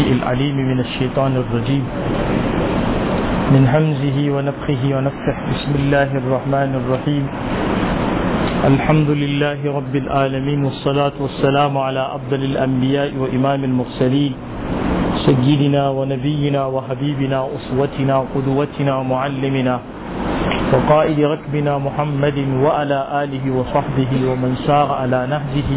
السميع العليم من الشيطان الرجيم من همزه ونفخه ونفخه بسم الله الرحمن الرحيم الحمد لله رب العالمين والصلاة والسلام على أفضل الأنبياء وإمام المرسلين سيدنا ونبينا وحبيبنا أسوتنا قدوتنا معلمنا وقائد ركبنا محمد وعلى آله وصحبه ومن سار على نهجه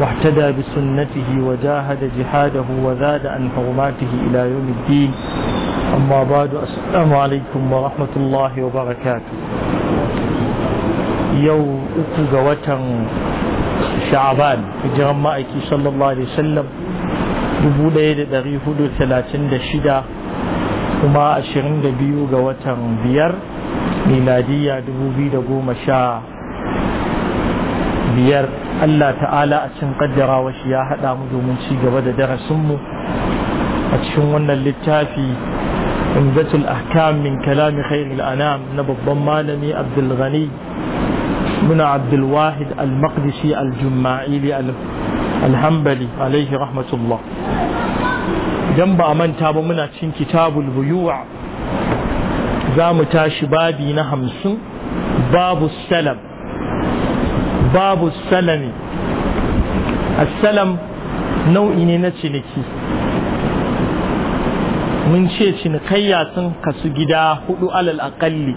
واحتدى بسنته وجاهد جهاده وزاد عن حرماته إلى يوم الدين أما بعد السلام عليكم ورحمة الله وبركاته يوم أكو شعبان في جرمائك صلى الله عليه وسلم shida kuma biyu ga watan biyar miladiyya sha biyar Allah ta'ala a cikin kaddarawa shi ya haɗa mu domin ci gaba da darasinmu a cikin wannan littafi umzatul ahkam min kalami khairul anam na babban malami abdul ghani muna abdul wahid al-maqdisi al-jumma'ili al-hanbali alaihi rahmatullah idan ba a manta ba muna cin kitabul buyuwa za mu tashi babi na hamsin babu salam babu salami assalam nau'i ne na ciniki mun ce cinikayya sun kasu gida hudu alal akalli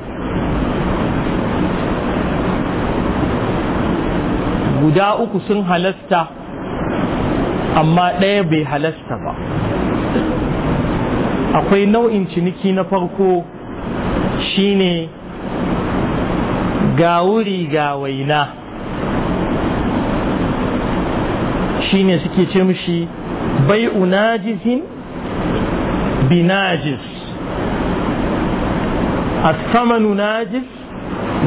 guda uku sun halasta amma ɗaya bai halasta ba akwai nau'in ciniki na farko shine ga wuri ga waina shine suke ce mishi bai najisin bi najis samanu najis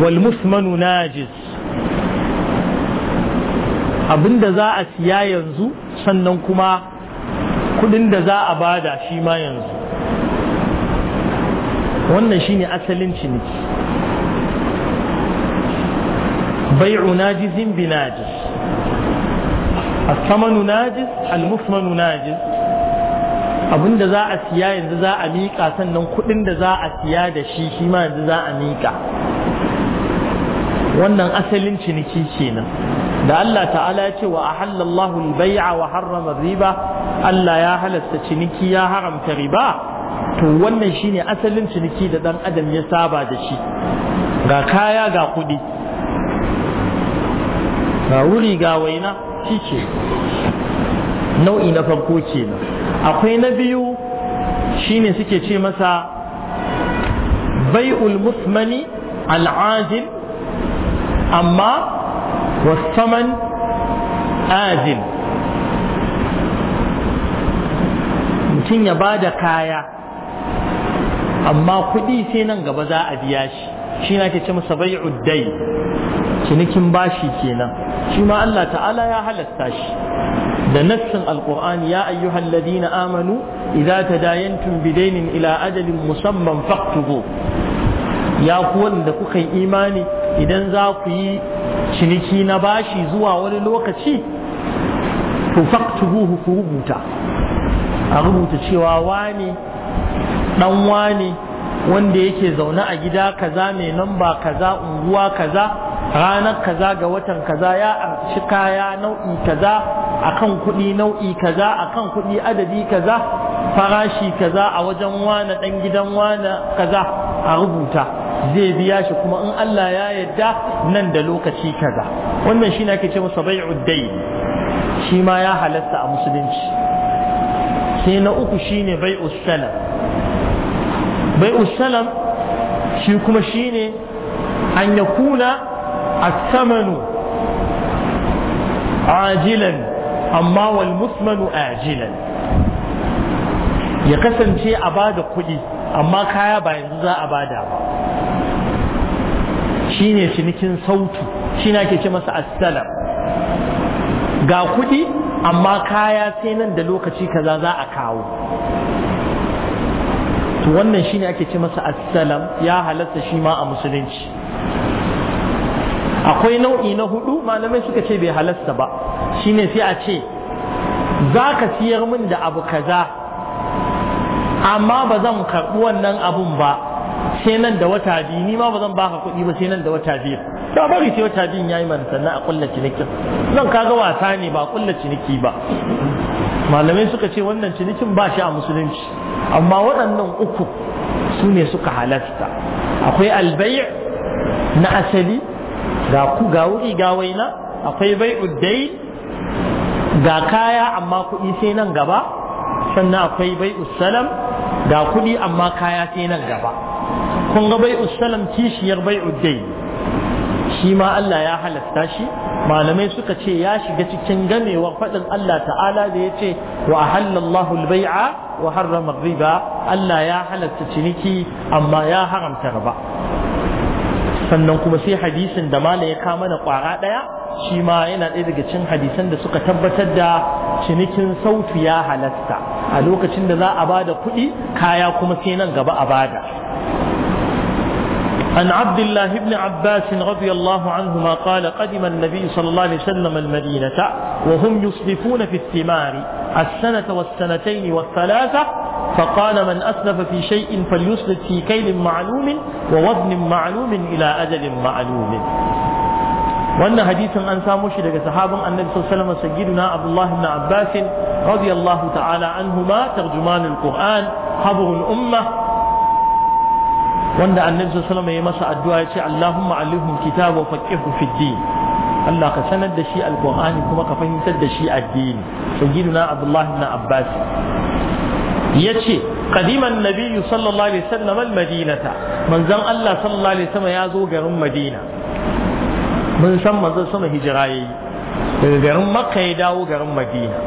wal musmanu najis abinda za a siya yanzu sannan kuma kudin da za a bada shi ma yanzu wannan shine asalin ciniki bai'u najizin bi najis الثمن ناجز المثمن ناجز abin za a siya yanzu za a miƙa sannan kuɗin da za a siya da shi shi ma yanzu za a miƙa wannan asalin ciniki kenan da Allah ta'ala ya ce wa ahallallahu al-bai'a wa harrama riba Allah ya halasta ciniki ya haramta riba to wannan shine asalin ciniki da dan adam ya saba da shi ga kaya ga kudi ga wuri ga waina shi ce nau'i na farko kenan akwai na biyu shine suke ce masa bai'ul musmani al'ajil amma wasaman azil mutum ya ba da kaya amma kuɗi sai nan gaba za a biya shi shi na ke ce masa bai uddai cinikin bashi kenan shi ma Allah ta'ala ya halatta shi da nassin alqur'ani ya ayyuhal ladina amanu idza tadayantum bidainin ila ajalin musamman faktubu ya ku wanda kuka yi imani idan za ku yi ciniki na bashi zuwa wani lokaci ku faktubuhu ku rubuta a rubuta cewa wani dan wane wanda yake zaune a gida kaza mai namba kaza unguwa kaza ranar kaza ga watan kaza ya arci kaya nau'i kaza akan kuɗi nau'i kaza akan kuɗi adadi kaza farashi kaza a wajen wane dan gidan wane kaza a rubuta zai biya shi kuma in Allah ya yarda nan da lokaci kaza wannan shine ake ce masa dayn shi ma ya halatta a musulunci sai na uku shine bai'us salam bai usalam shi kuma shine an ya kuna a samanu ajilan amma wal musmanu ajilan ya kasance a bada kuɗi amma kaya ba yanzu za a bada ba shine cinikin sautu shi na ke ce masa assalam ga kuɗi amma kaya sai nan da lokaci kaza za a kawo to wannan shine ake ce masa assalam ya halatta shi ma a musulunci akwai nau'i na hudu malamai suka ce bai halasta ba shine sai a ce za ka siyar min da abu kaza amma ba zan karɓi wannan abun ba sai nan da wata biyu ni ma ba zan baka kuɗi ba sai nan da wata biyu da bari sai wata biyun yayi mana sannan a kulla cinikin zan kaga wasa ne ba kulla ciniki ba malamai suka ce wannan cinikin ba shi a musulunci amma waɗannan uku su ne suka halasta akwai albai na asali ga ku ga wuri ga waina akwai bai uddai ga kaya amma kuɗi sai nan gaba sannan akwai bai usalam ga kuɗi amma kaya sai nan gaba kun ga bai'u salam kishiyar bai'u dai shi ma Allah ya halasta shi malamai suka ce ya shiga cikin gamewa faɗin Allah ta'ala da ya ce wa halallahu al-bai'a wa harrama riba Allah ya halasta ciniki amma ya haramta riba sannan kuma sai hadisin da mala ya kama da kwara ɗaya shi ma yana ɗaya daga cikin hadisan da suka tabbatar da cinikin sautu ya halasta a lokacin da za a bada kuɗi kaya kuma sai nan gaba a bada عن عبد الله بن عباس رضي الله عنهما قال قدم النبي صلى الله عليه وسلم المدينة وهم يسلفون في الثمار السنة والسنتين والثلاثة فقال من أسلف في شيء فليسلف في كيل معلوم ووزن معلوم إلى أجل معلوم وأن لك hadisin أن النبي صلى الله عليه وسلم سيدنا عبد الله بن عباس رضي الله تعالى عنهما ترجمان القرآن حبر الأمة wanda annabi sallallahu alaihi wasallam ya masa addu'a ya ce Allahumma alihum kitab wa faqihu fid din Allah ka sanar da shi alqur'ani kuma ka fahimtar da shi addini sayyiduna Abdullah ibn Abbas yace qadiman nabiyyu sallallahu alaihi wasallam al-madinata manzon Allah sallallahu alaihi wasallam ya zo garin Madina mun san manzon sama hijira yayi daga garin Makka ya dawo garin Madina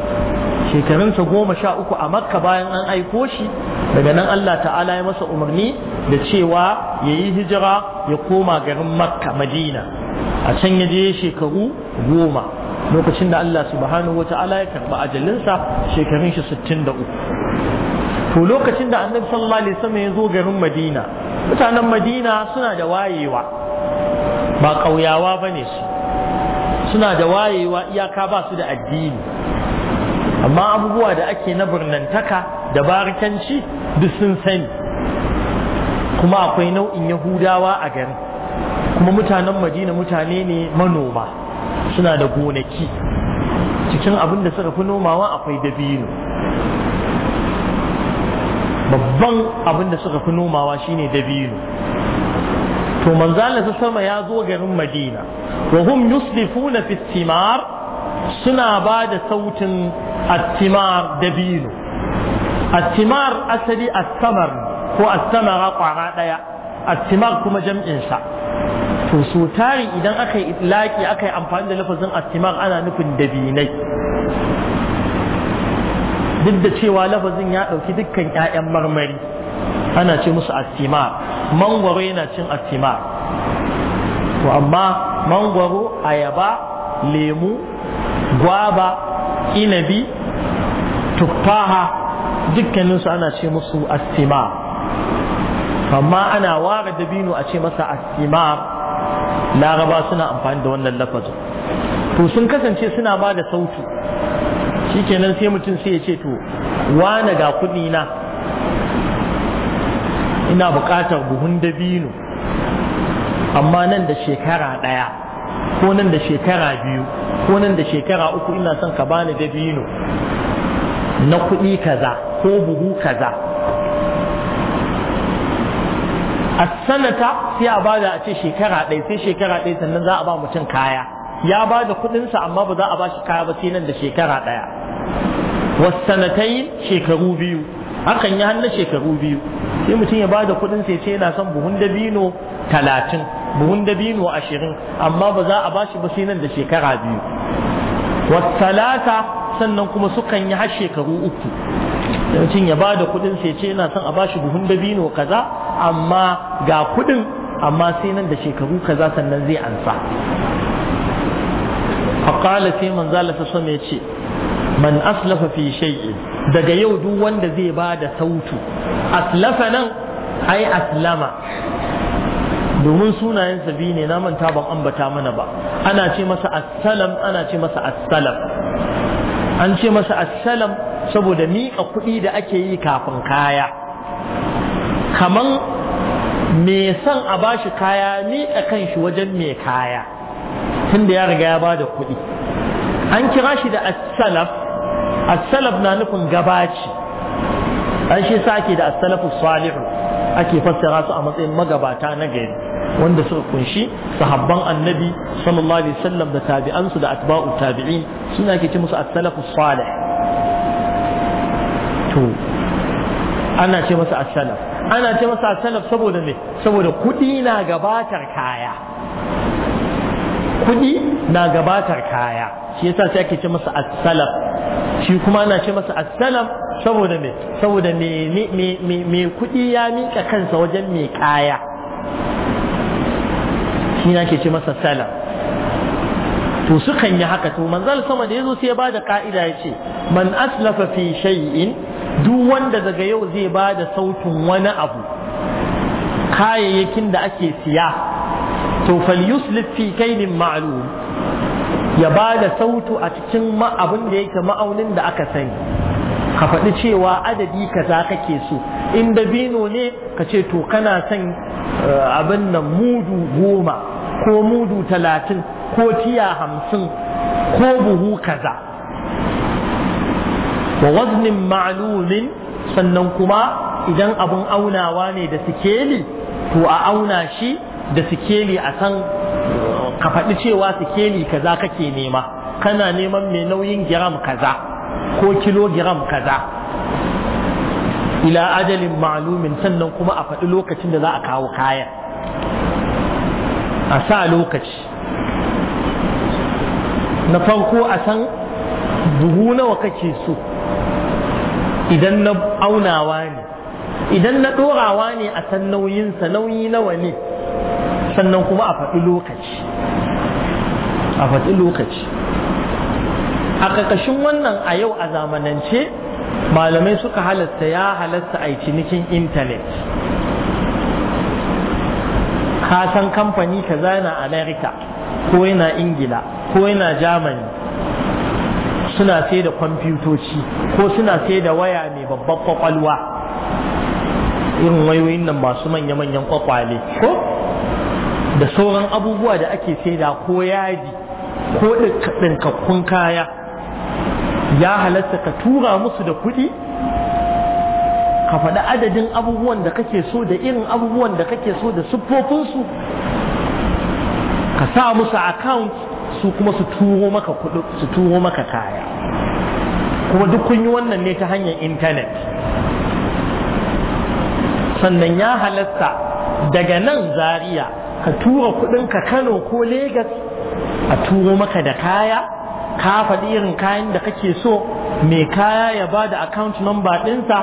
shekarunsa goma sha uku a makka bayan an aiko shi daga nan Allah ta'ala ya masa umarni da cewa ya yi hijira ya koma garin makka madina a can ya je shekaru goma lokacin da Allah subhanahu wa ta'ala ya karba ajalinsa shekarun shi sittin da uku to lokacin da annabi sallallahu alaihi wasallam ya zo garin madina mutanen madina suna da wayewa ba ƙauyawa ba ne su suna da wayewa iyaka ba su da addini amma abubuwa da ake na birnantaka da barikanci duk sun sani kuma akwai nau'in yahudawa a gari kuma mutanen madina mutane ne manoma suna da gonaki cikin abin da suka fi nomawa akwai dabino babban abin da suka fi nomawa shine dabino to manzala ta sama ya zo garin madina wa hum yuslifuna fi suna ba da sautin attimar dabino attimar asali astamar ko astamara ƙwara ɗaya attimar kuma jam'in sa to su tari idan aka yi itlaki aka yi amfani da lafazin attimar ana nufin dabinai duk da cewa lafazin ya ɗauki dukkan 'ya'yan marmari ana ce musu attimar mangwaro yana cin attimar to amma mangwaro ayaba lemu gwaba inabi tuffaha dukkaninsu ana ce musu astimar amma ana ware dabino a ce masa astimar laraba suna amfani da wannan lafazin to sun kasance suna ba da sauti shikenan sai mutum sai ya ce to wane ga kuɗi na ina buƙatar buhun dabino amma nan da shekara ɗaya ko nan da shekara biyu ko nan da shekara uku ina son ka bani dabino na kuɗi kaza ko buhu kaza a sanata sai a bada a ce shekara ɗaya sai shekara ɗaya sannan za a ba mutum kaya ya ba da kuɗinsa amma ba za a ba shi kaya ba sai nan da shekara ɗaya wasu sanatai shekaru biyu hakan ya hannu shekaru biyu sai mutum ya bada kuɗin sai ce yana son buhun dabino talatin buhun dabino ashirin amma ba za a bashi ba sai nan da shekara biyu wasalata sannan kuma sukan yi har shekaru uku mutum ya bada kuɗin sai ce yana son a bashi buhun dabino kaza amma ga kuɗin amma sai nan da shekaru kaza sannan zai ansa sai manza في sama ya ce. man aslafa fi shay'i daga yau duk wanda zai ba da sautu aslafa nan ai aslama domin sunayen sabi ne na manta ban ambata mana ba ana ce masa assalam ana ce masa assalam an ce masa assalam saboda miƙa kuɗi da ake yi kafin kaya kaman me san a bashi kaya miƙa kanshi wajen mai kaya tunda ya riga ya ba da kuɗi an kira shi da assalam as-salaf na nufin gabaci an shi sake da as-salafu salihu ake fassara su a matsayin magabata na gari wanda suka kunshi sahabban annabi sallallahu alaihi wasallam da tabi'ansu da atba'u tabi'in suna ke ce musu as-salafu salih to ana ce masa as-salaf ana ce masa as-salaf saboda me saboda kudi na gabatar kaya kuɗi na gabatar kaya shi yasa sai ake ce masa as-salaf shi kuma ana ce masa as-salaf saboda me saboda me me me kuɗi ya miƙa kansa wajen me kaya shi ne ake ce masa salaf to sukan yi haka to manzal sama da yazo sai ya bada ka'ida ya ce man aslafa fi shay'in duk wanda daga yau zai bada sautin wani abu kayayyakin da ake siya to falyuslif fi kainin ma'lum ya ba da sautu a cikin abin da yake ma'aunin da aka sani ka faɗi cewa adadi kaza kake so in da dabino ne ka ce to kana son eh, abin nan mudu goma ko mudu talatin ko tiya hamsin ko buhu kaza wa waznin ma'lumin sannan kuma idan abun aunawa ne da sikeli to a auna shi da sikeli a san ka faɗi cewa sikeli kaza kake nema kana neman mai nauyin giram kaza ko kilogiram kaza ila ajalin ma'lumin sannan kuma a faɗi lokacin da za a kawo kayan a sa lokaci na farko a san buhu nawa kake so idan na aunawa ne idan na ɗorawa ne a san nauyinsa nauyi nawa ne sannan kuma a faɗi lokaci a faɗi lokaci a ƙarƙashin wannan a yau a zamanance malamai suka halatta ya halatta a cinikin intanet kasan san kamfani kaza na Amerika ko yana ingila ko yana Jamani suna sai da kwamfutoci ko suna sai da waya mai babbar kwakwalwa irin wayoyin nan masu manya-manyan kwakwale ko da sauran abubuwa da ake saida ko yadi ko ɗinkakkun kaya ya halatta ka tura musu da kuɗi ka faɗi adadin abubuwan da kake so da irin abubuwan da kake so da siffofinsu ka sa musu account su kuma su turo maka kuɗi su turo maka kaya kuma duk kun yi wannan ne ta hanyar intanet sannan ya halatta daga nan Zariya? ka tura kudinka kano ko Legas a turo maka da kaya ka faɗi irin kayan da kake so mai kaya ya ba da account number ɗinsa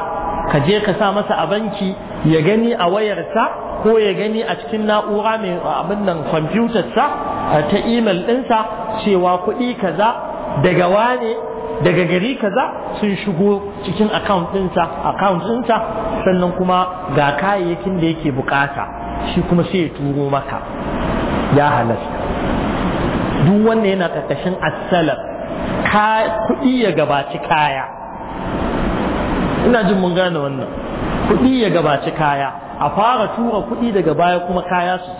ka je ka sa masa a banki ya gani a wayarsa ko ya gani a cikin na'ura mai abin nan kwamfutarsa ta imel ɗinsa cewa kuɗi kaza daga wane daga gari kaza sun shigo cikin account ɗinsa sannan kuma ga kayayyakin da yake bukata shi kuma sai ya turo maka ya halasta duk wanda yana ƙarƙashin asalar kuɗi ya gabaci kaya ina jin mun gane wannan kuɗi ya gabaci kaya a fara tura kuɗi daga baya kuma kaya su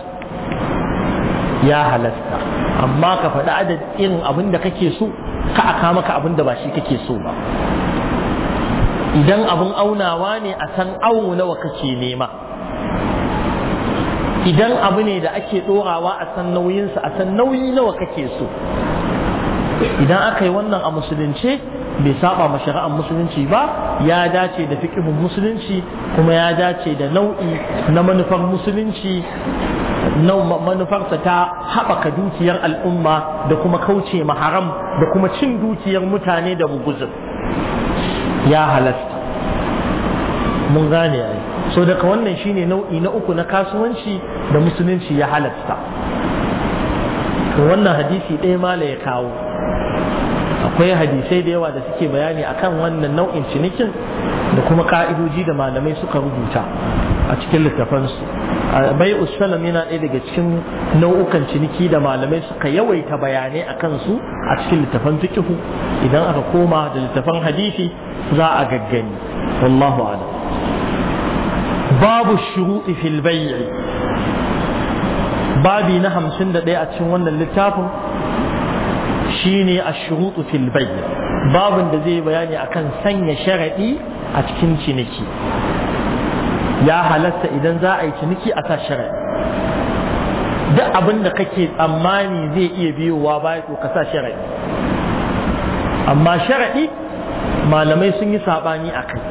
ya halasta amma ka faɗi adadin irin abin da kake so ka aka maka abin da ba shi kake so ba idan abin aunawa ne a san awo nawa kake nema idan abu ne da ake ɗorawa a san nauyinsa a san nauyi nawa kake so idan aka yi wannan a musulunci bai saba ma shari'ar musulunci ba ya dace da fiqhun musulunci kuma ya dace da nau'i na manufar musulunci na manufarsa ta haɓaka dukiyar al'umma da kuma kauce ma haram da kuma cin dukiyar mutane da muguzin ya halasta mun gane so daga wannan shine nau'i na uku na kasuwanci da musulunci ya halatta to wannan hadisi ɗaya mala ya kawo akwai hadisai da yawa da suke bayani akan wannan nau'in cinikin da kuma ka'idoji da malamai suka rubuta a cikin littafansu bai usalam yana ɗaya daga cikin nau'ukan ciniki da malamai suka yawaita bayanai a kansu a cikin littafan fikihu idan aka koma da littafan hadisi za a gaggani wallahu a'lam babu shuruɗi fil bai'i babi na hamsin da ɗaya a cikin wannan littafin shine a shuruɗu filbai. bai'i babin da zai bayani akan sanya sharaɗi a cikin ciniki ya halatta idan za a yi ciniki a sa sharaɗi duk abin da kake tsammani zai iya biyowa baya to ka sa sharaɗi amma sharaɗi malamai sun yi saɓani a kai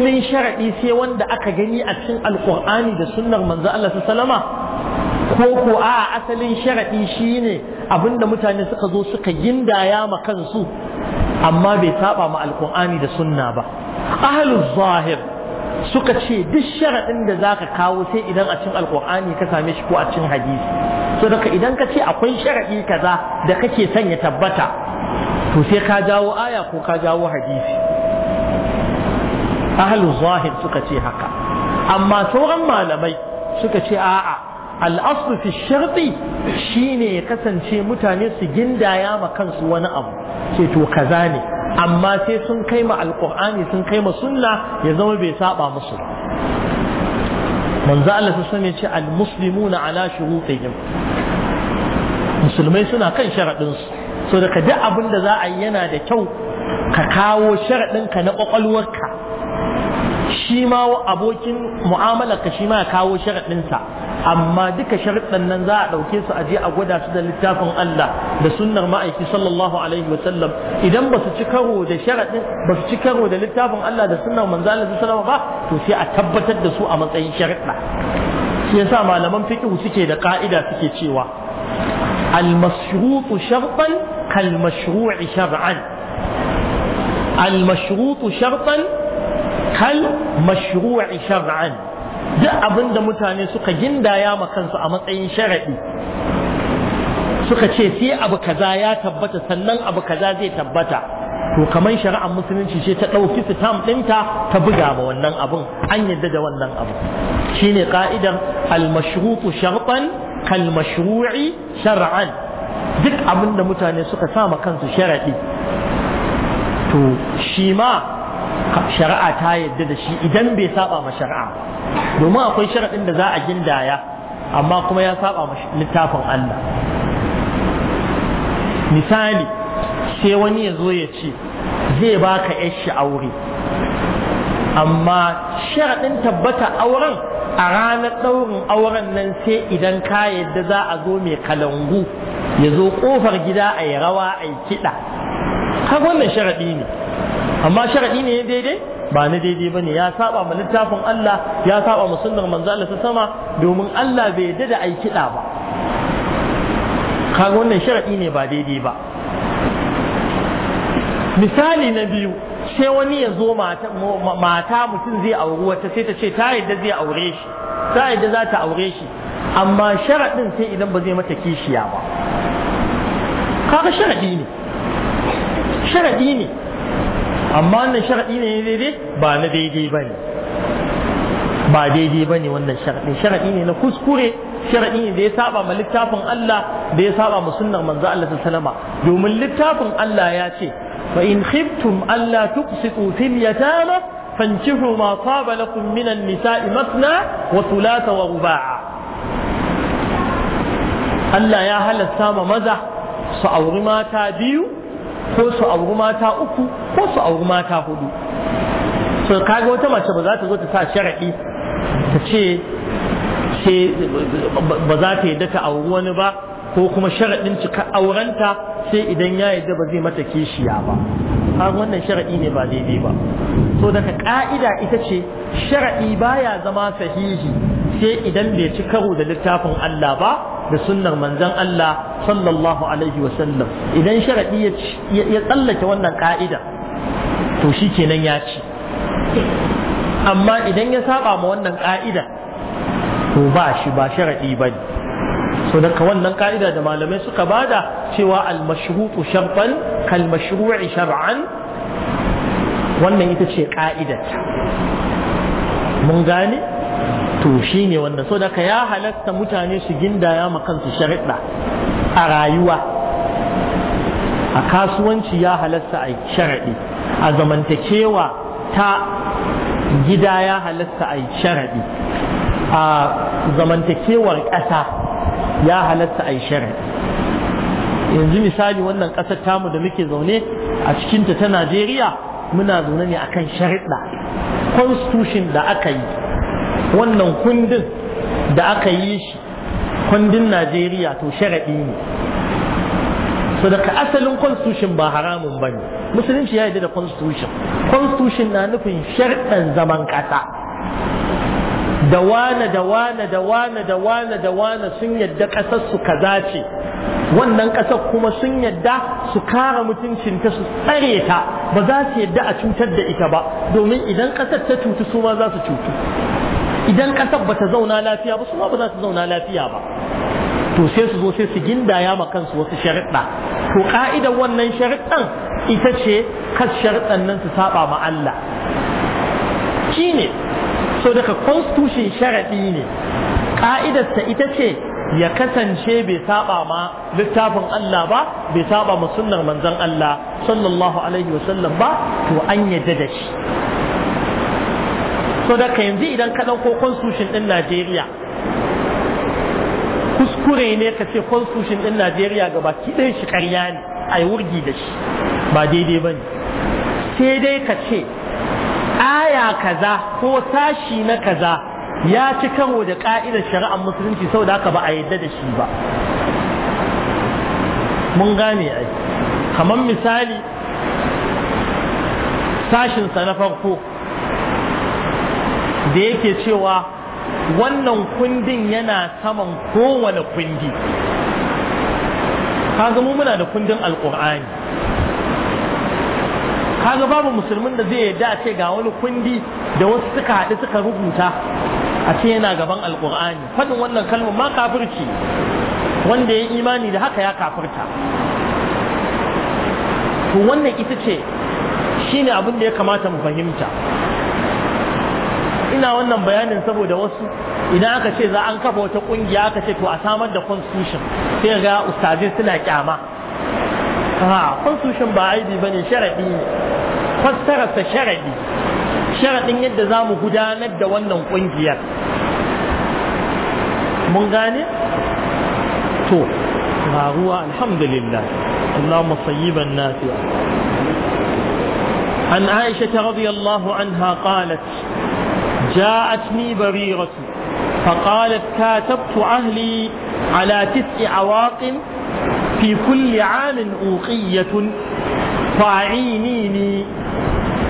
asalin sharaɗi sai wanda aka gani a cikin alkur'ani da sunnar manzo Allah sallama ko ko a asalin sharaɗi shine abinda mutane suka zo suka gindaya ma kansu amma bai saba ma alkur'ani da sunna ba ahlul zahir suka ce duk sharaɗin da zaka kawo sai idan a cikin alkur'ani ka same shi ko a cikin hadisi so daga idan ka ce akwai sharaɗi kaza da kake son ya tabbata to sai ka jawo aya ko ka jawo hadisi ahlul zahir suka ce haka amma sauran malamai suka ce a'a al'aslu fi shi shine ya kasance mutane su gindaya ma kansu wani abu ce to kaza ne amma sai sun kai ma alqur'ani sun kai ma sunna ya zama bai saba musu ba manzo Allah sai sun ce al muslimuna ala shurutihim musulmai suna kan sharadin su so daga duk abin da za a yi yana da kyau ka kawo sharadin ka na kwakwalwarka shi ma abokin mu'amalar ka shi ma ya kawo sharaɗinsa amma duka sharaɗin nan za a ɗauke su a je a gwada su da littafin Allah da sunnar ma'aiki sallallahu alaihi wa sallam idan ba su ci karo da sharaɗin ba su ci karo da littafin Allah da sunnar manzo Allah sallallahu ba to sai a tabbatar da su a matsayin sharaɗa shi yasa malaman fiqh suke da ka'ida suke cewa al-mashrutu shartan kal mashru'i shar'an al-mashrutu shartan kal mashru'i shar'an duk abin da mutane suka gindaya ma kansu a matsayin sharaɗi suka ce sai abu kaza ya tabbata sannan abu kaza zai tabbata to kamar shari'ar musulunci ce ta ɗauki sitam ɗinta ta buga ma wannan abun an yadda da wannan abu shine ka'idar al-mashrutu shartan kal mashru'i shar'an duk abin da mutane suka sa kansu sharaɗi to shi ma shari'a ta yadda da shi idan bai saba ma shari'a domin akwai sharaɗin da za a gindaya amma kuma ya saba ma littafin Allah misali sai wani ya zo ya ce zai baka shi aure amma sharaɗin tabbata auren a ranar ɗaurin auren nan sai idan ka yadda za a zo mai kalangu ya zo ƙofar gida a yi rawa a yi kiɗa har wannan sharaɗi ne amma sharadi ne daidai ba na daidai ba ne ya saba ma littafin Allah ya saba ma sunnar manzo Allah ta sama domin Allah bai yadda da ai kiɗa ba kaga wannan sharadi ne ba daidai ba misali na biyu sai wani ya zo mata mutum zai auri wata sai ta ce ta yadda zai aure shi ta yadda za ta aure shi amma sharaɗin sai idan ba zai mata kishiya ba kaga sharaɗi ne sharaɗi ne amma wannan sharaɗi ne daidai ba na daidai ba ne ba daidai ba ne wannan sharaɗi sharaɗi ne na kuskure sharaɗi ne da ya saba ma littafin Allah da ya saba ma sunnar manzo Allah sallama domin littafin Allah ya ce fa in khiftum alla tuqsitu fil yatama fankihu ma taba lakum minan nisa'i masna wa thulatha wa ruba'a Allah ya halasta ma maza su auri mata biyu ko su auri mata uku ko su auri mata hudu so kaga wata mace ba za ta zo ta sa sharaɗi ta ce ba za ta yadda ta auri wani ba ko kuma sharaɗin cika aurenta sai idan ya yadda ba zai mata kishiya ba har wannan sharaɗi ne ba daidai ba so daga ƙa'ida ita ce sharaɗi baya zama sahihi sai idan bai ci karo da littafin Allah ba da sunnar manzon Allah sallallahu alaihi wasallam idan sharaɗi ya tsallake wannan ka'ida to kenan ya ci amma idan ya saba ma wannan ka'ida to ba shi ba sharaɗi ba ne so daga wannan ka'ida da malamai suka bada cewa al sharban shartan kal mashru'i shar'an wannan ita ce ka'idar mun gane to shi ne wanda so daga ya halatta mutane su gindaya ma kansu sharida. a rayuwa a kasuwanci ya halatta a sharaɗi a zamantakewa ta gida ya halatta a sharaɗi a zamantakewar ƙasa ya halatta a sharaɗi yanzu misali wannan ƙasar tamu da muke zaune a cikinta ta najeriya muna zaune ne a kan sharida. constitution da aka yi wannan kundin da aka yi shi kundin najeriya to sharaɗi ne so daga asalin constitution ba haramun ba ne musulunci ya yi da constitution constitution na nufin sharɗan zaman ƙasa da wane da wane da wane da wane da wane sun yadda ƙasar su kaza ce wannan ƙasar kuma sun yadda su kara mutuncin ta su tsare ta ba za su yadda a cutar da ita ba domin idan ƙasar ta cutu su ma za su cutu idan ƙasar ba ta zauna lafiya ba su ma ba za su zauna lafiya ba to sai su zo sai su gindaya ma kansu wasu sharuɗa to ka'idar wannan sharuɗan ita ce kas sharuɗan nan su saba ma Allah shi ne so daga constitution sharaɗi ne ka'idarsa ita ce ya kasance bai saba ma littafin Allah ba bai saba ma sunnar manzon Allah sallallahu alaihi sallam ba to an yadda da shi so ka yanzu idan ka ɗauko constitution ɗin Najeriya kuskure ne ka ce constitution ɗin Najeriya ga baki ɗin shi ƙarya ne a yi wurgi da shi ba daidai ba ne sai dai ka ce aya kaza ko sashi na kaza ya ci karo da ka'idar shari'ar musulunci saboda haka ba a yadda da shi ba mun gane ai kamar misali sashinsa na farko da yake cewa wannan kundin yana saman kowane kundi ka mu muna da kundin alkur'ani kaga babu musulmin da zai yadda a ce ga wani kundi da wasu suka haɗu suka rubuta a ce yana gaban alkur'ani faɗin wannan kalmar ma kafirci wanda ya imani da haka ya kafirta to wannan ita ce shine abin da ya kamata mu fahimta ina wannan bayanin saboda wasu idan aka ce za an kafa wata kungiya aka ce to a samar da constitution sai ga ustazai suna kyama ha constitution ba aibi bane sharadi ne ta sharadi sharadin yadda za mu gudanar da wannan kungiyar mun gane to ba ruwa alhamdulillah اللهم صيبا nasiya عن عائشة رضي الله عنها قالت جاءتني بريرة فقالت كاتبت أهلي على تسع عواق في كل عام أوقية فأعينيني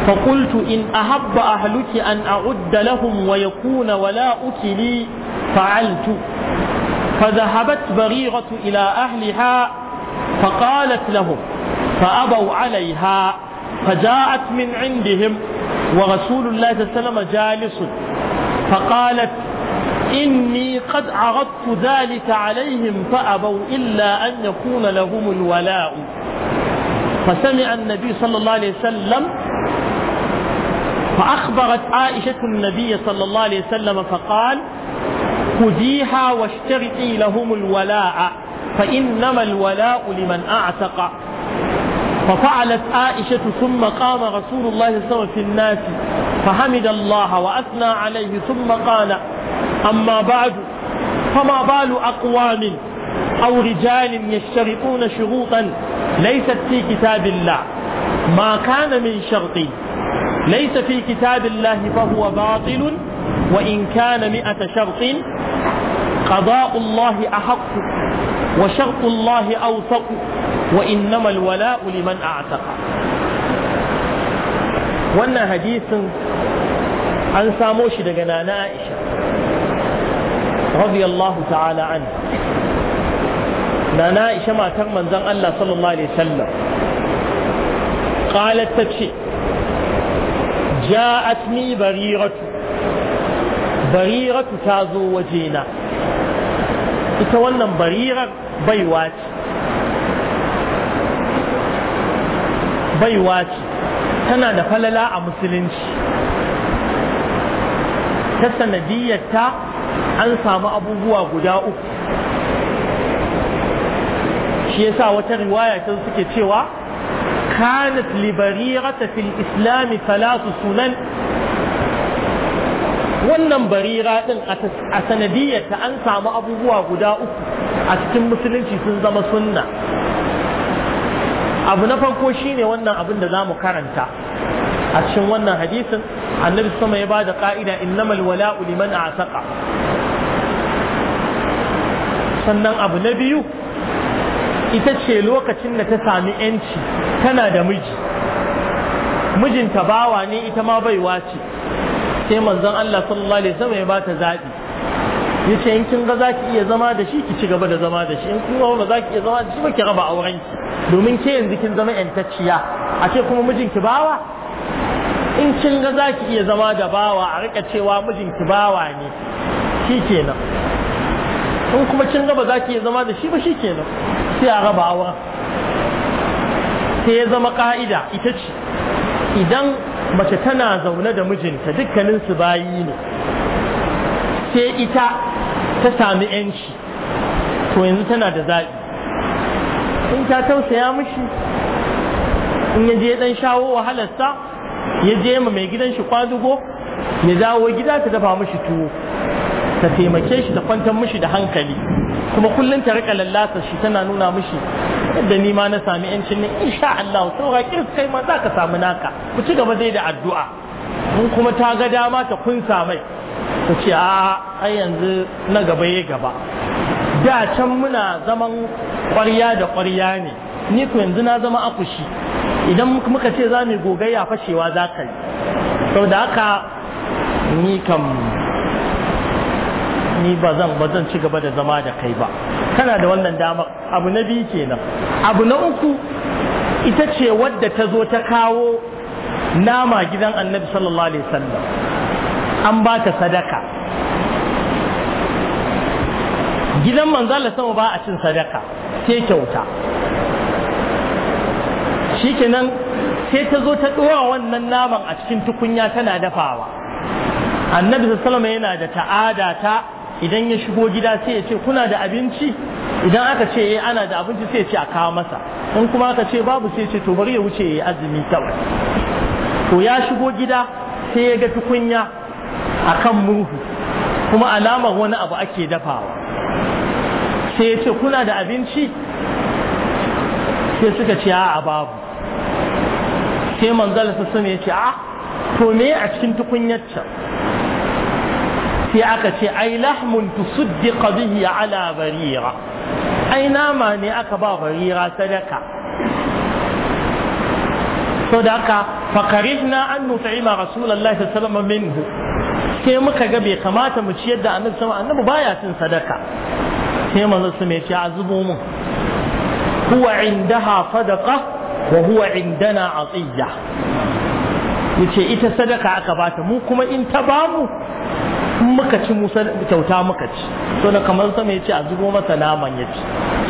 فقلت إن أحب أهلك أن أعد لهم ويكون ولاؤك لي فعلت فذهبت بريرة إلى أهلها فقالت لهم فأبوا عليها فجاءت من عندهم ورسول الله صلى الله عليه وسلم جالس فقالت إني قد عرضت ذلك عليهم فأبوا إلا أن يكون لهم الولاء فسمع النبي صلى الله عليه وسلم فأخبرت عائشة النبي صلى الله عليه وسلم فقال خذيها واشترطي لهم الولاء فإنما الولاء لمن أعتق ففعلت عائشة ثم قام رسول الله صلى الله عليه وسلم في الناس فحمد الله وأثنى عليه ثم قال أما بعد فما بال أقوام أو رجال يشترطون شروطا ليست في كتاب الله ما كان من شرط ليس في كتاب الله فهو باطل وإن كان مئة شرط قضاء الله أحق وشرط الله أوثق wa innamal wala'u liman a'taqa wannan hadisin an samo shi daga nana Aisha radiyallahu ta'ala an nana Aisha matar manzon Allah sallallahu alaihi wasallam qalat tace ja'atni bariratu bariratu tazo wajena ita wannan barirar baiwa ce baiwa ce tana da falala a musulunci ta sanadiyyarta an samu abubuwa guda uku shi yasa wata riwaya ta suke cewa kanat libarirata fil islami talatu sunan wannan barira din a sanadiyyarta an samu abubuwa guda uku a cikin musulunci sun zama sunna abu na farko shine wannan abin da zamu karanta a cikin wannan hadisin annabi sama ya bada ka'ida innamal wala'u liman saƙa. sannan abu na biyu ita ce lokacin da ta sami yanci tana da miji mijinta bawa ne ita ma baiwa ce sai manzon Allah sallallahu alaihi wasallam ya bata zaɓi. yace in kin ga zaki iya zama da shi ki ci gaba da zama da shi in kuma ba zaki iya zama da shi ba ki raba auren ki domin ke yanzu kin zama yantacciya a ce kuma mijinki bawa in kin ga zaki iya zama da bawa a rika cewa mijinki bawa ne shi kenan in kuma kin ga ba zaki iya zama da shi ba shi kenan sai a raba auren sai ya zama ka'ida ita ce idan mace tana zaune da mijinta dukkaninsu bayi ne sai ita ta sami yanci to yanzu tana da zaɓi in ta tausaya mishi in ya je dan shawo wahalarsa ya je ma mai gidan shi kwadugo ya dawo gida ta dafa mishi tuwo ta taimake shi ta kwantar mishi da hankali kuma kullum ta rika lallasa shi tana nuna mishi yadda ni ma na sami yancin nan insha Allah saura kirs kai ma za ka samu naka ku ci gaba dai da addu'a mun kuma ta ga dama ta kun mai ta ce a ai yanzu na gaba ya gaba da can muna zaman ƙwarya da ƙwarya ne ni ku yanzu na zama akushi idan muka ce za mu gogayya fashewa za ka yi sau da haka ni kam ni ba zan ba zan ci gaba da zama da kai ba kana da wannan damar abu na biyu kenan abu na uku ita ce wadda ta zo ta kawo nama gidan annabi sallallahu alaihi wasallam an ba ta sadaka gidan Allah sama ba a cin sadaka sai kyauta shikenan sai ta zo ta ɗora wannan naman a cikin tukunya tana dafawa annabi sallama yana da ta'ada ta idan ya shigo gida sai ya ce kuna da abinci idan aka ce eh ana da abinci sai ya ce a kawo masa in kuma aka ce babu sai ya ce to bari ya wuce ya azumi kawai to ya shigo gida sai ya ga tukunya akan murhu kuma alamar wani abu ake dafawa sai ya ce kuna da abinci sai suka ce a babu sai manzala sassan ya ce a to me a cikin tukunyar can sai aka ce ai lahmun tusuddiqa bihi ala barira ai nama ne aka ba barira sadaka saboda haka fakarihna an nut'ima rasulullahi sallallahu alaihi minhu sai muka ga bai kamata mu ciyar da annabi sama annabi baya cin sadaka sai manzo su mai ce azubu mu huwa indaha sadaqa wa huwa indana atiya yace ita sadaka aka bata mu kuma in ta bamu muka ci musa kyauta muka ci so da kamar sama ya ce a masa naman ya ci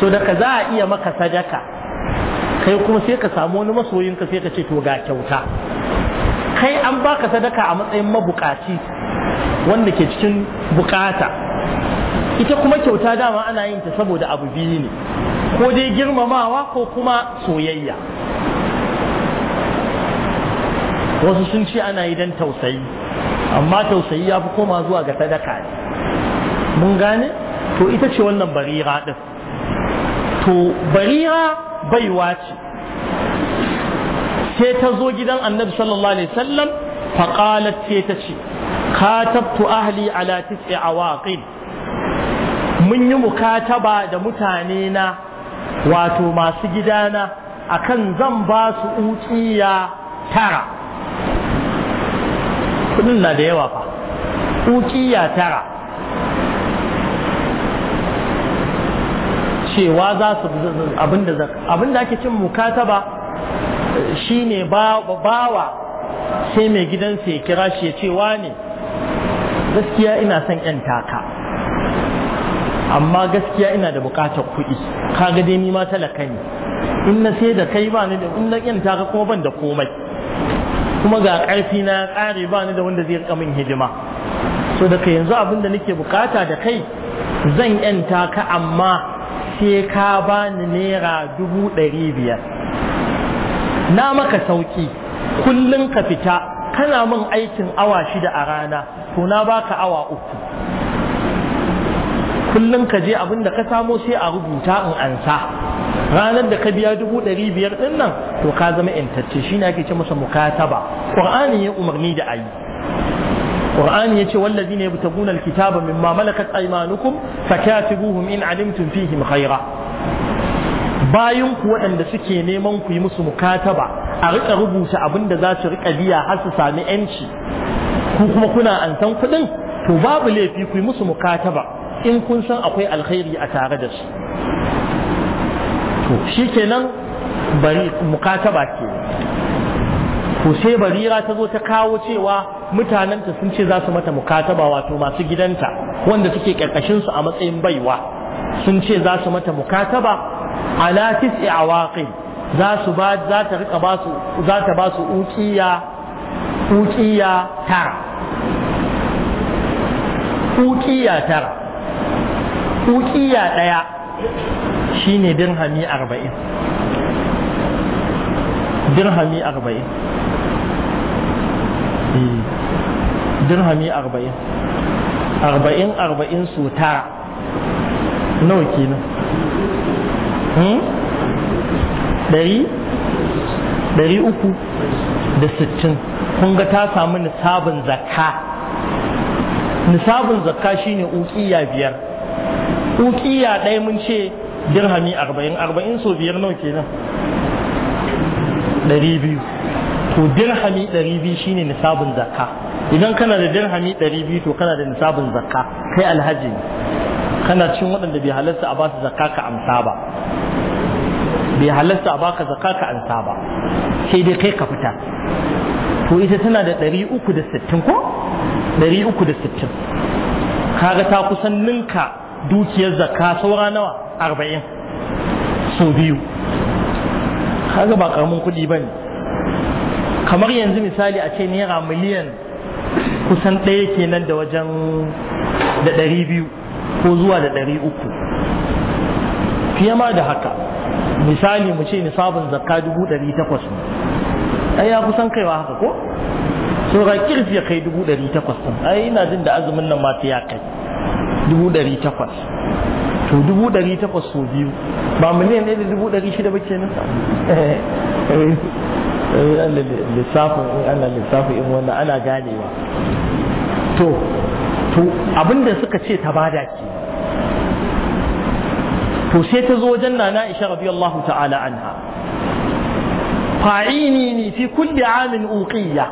so da ka za a iya maka sadaka kai kuma sai ka samu wani masoyin ka sai ka ce to ga kyauta kai an baka sadaka a matsayin mabukaci wanda ke cikin bukata ita kuma kyauta dama ana yin ta saboda abu biyu ne ko dai girmamawa ko kuma soyayya wasu sun ce ana yi don tausayi amma tausayi ya fi koma zuwa ga sadaka ne mun gane to ita ce wannan bari ɗin to barira baiwa ce sai ta zo gidan annabi sallallahu alaihi sallam faqalat sai ta ce katabtu ahli ala tis'i awaqid mun yi mukataba da mutane na wato masu gidana akan zan ba su ukiya tara kudin na da yawa fa ƙuƙiya tara cewa za su abinda za abinda ake cin mukataba shine bawa sai mai gidansa ya kira shi ya cewa ne gaskiya ina son yan taka amma gaskiya ina da bukatar kuɗi kaga dai nima ma talaka ne in na sai da kai ba ni da in na yan taka kuma ban da komai kuma ga ƙarfi na ƙare ba ni da wanda zai rika min hidima so daga yanzu abin da nake bukata da kai zan yanta taka amma sai ka bani naira dubu ɗari biyar na maka sauƙi kullum ka fita kana min aikin awa shida a rana to na baka awa uku kullum ka je abin da ka samo sai a rubuta in ansa ranar da ka biya dubu ɗari biyar ɗin nan to ka zama intacce shi ne ake ce masa mukataba ƙur'ani ya umarni da ayi qur'ani yace wallazina yabtaguna alkitaba mimma malakat aymanukum fakatibuhum in alimtum fihim khaira bayan ku waɗanda suke neman ku yi musu mukataba a rika rubuta abin da za su rika biya har su sami yanci ku kuma kuna ansan kuɗin to babu laifi ku yi musu mukataba in kun san akwai alkhairi a tare da su to shikenan bari mukataba ke to sai barira ta zo ta kawo cewa mutanenta sun ce za su mata mukataba wato masu gidanta wanda suke karkashin su a matsayin baiwa sun ce za su mata mukataba a tis'i awaqi za su ba za ta rika ba su za ta ba su tara ukiya tara daya shine dirhami 40 dirhami 40 dirhami arba'in arba'in arba'in su tara nawa kenan hmm? ɗari ɗari uku da sittin kun ga ta samu nisabin zakka nisabin zakka shine ukiya biyar ukiya ɗaya mun ce dirhami arba'in arba'in so biyar nawa kenan ɗari biyu to dirhami ɗari biyu shine nisabin zakka idan kana da dirhami ɗari biyu to kana da nisabin zakka kai alhaji ne kana cin waɗanda bai halarta a su zakka ka amsa ba bai halarta a baka zakka ka amsa ba sai dai kai ka fita to ita tana da ɗari uku da sittin ko ɗari uku da sittin kaga ta kusan ninka dukiyar zakka saura nawa arba'in so biyu kaga ba karamin kuɗi ba ne kamar yanzu misali a ce naira miliyan kusan ɗaya kenan da wajen da ɗari biyu ko zuwa da ɗari uku fiye ma da haka misali mu ce nisabin zakka dubu ɗari takwas ne ai ya kusan kaiwa haka ko saura kirfi ya kai dubu ɗari takwas ɗin ai ina jin da azumin nan ma ya kai dubu ɗari takwas to dubu ɗari takwas so biyu ba miliyan ɗaya da dubu ɗari shida ba kenan eh, eh. lissafin in ana lissafin in wanda ana ganewa to abinda suka ce ta bada ke to sai ta zo wajen nana isha radiyallahu ta'ala anha fa'ini ni fi kulli amin uqiyya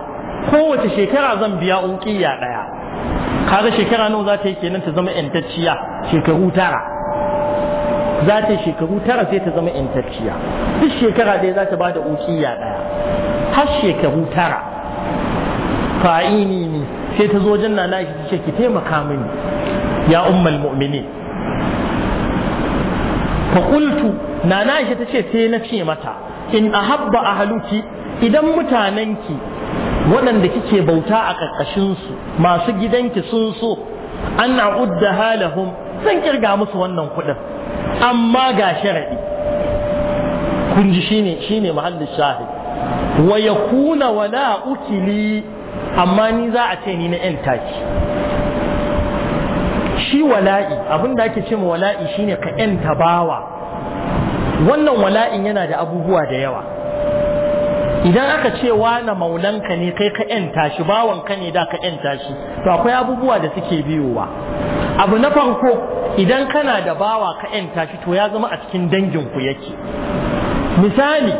kowace shekara zan biya uqiyya daya kaga shekara nawa za ta yi kenan ta zama yantacciya shekaru tara za ta shekaru tara sai ta zama intacciya duk shekara ɗaya za ta ba da ukiya ɗaya kashe shekaru tara fa'ini ne sai ta zo janna na shi ce ki taimaka mini ya ummal mu'minin fa qultu na shi ta ce sai na ce mata in ahabba ahluki idan mutananki waɗanda kike bauta a ƙarƙashin su masu gidanki sun so an udda halahum zan kirga musu wannan kuɗin amma ga sharaɗi kun ji shine shine mahallin shahid wa ya kuna wala ukili amma ni za a ce ni na yan taki shi wala'i abin da ake ce ma wala'i shine ka yan tabawa wannan wala'in yana da abubuwa da yawa idan aka ce wane maulanka ne kai ka tashi tashi, bawanka ne da ka yan tashi, to akwai abubuwa da suke biyowa abu na farko idan kana da bawa ka yan tashi to ya zama a cikin dangin ku yake misali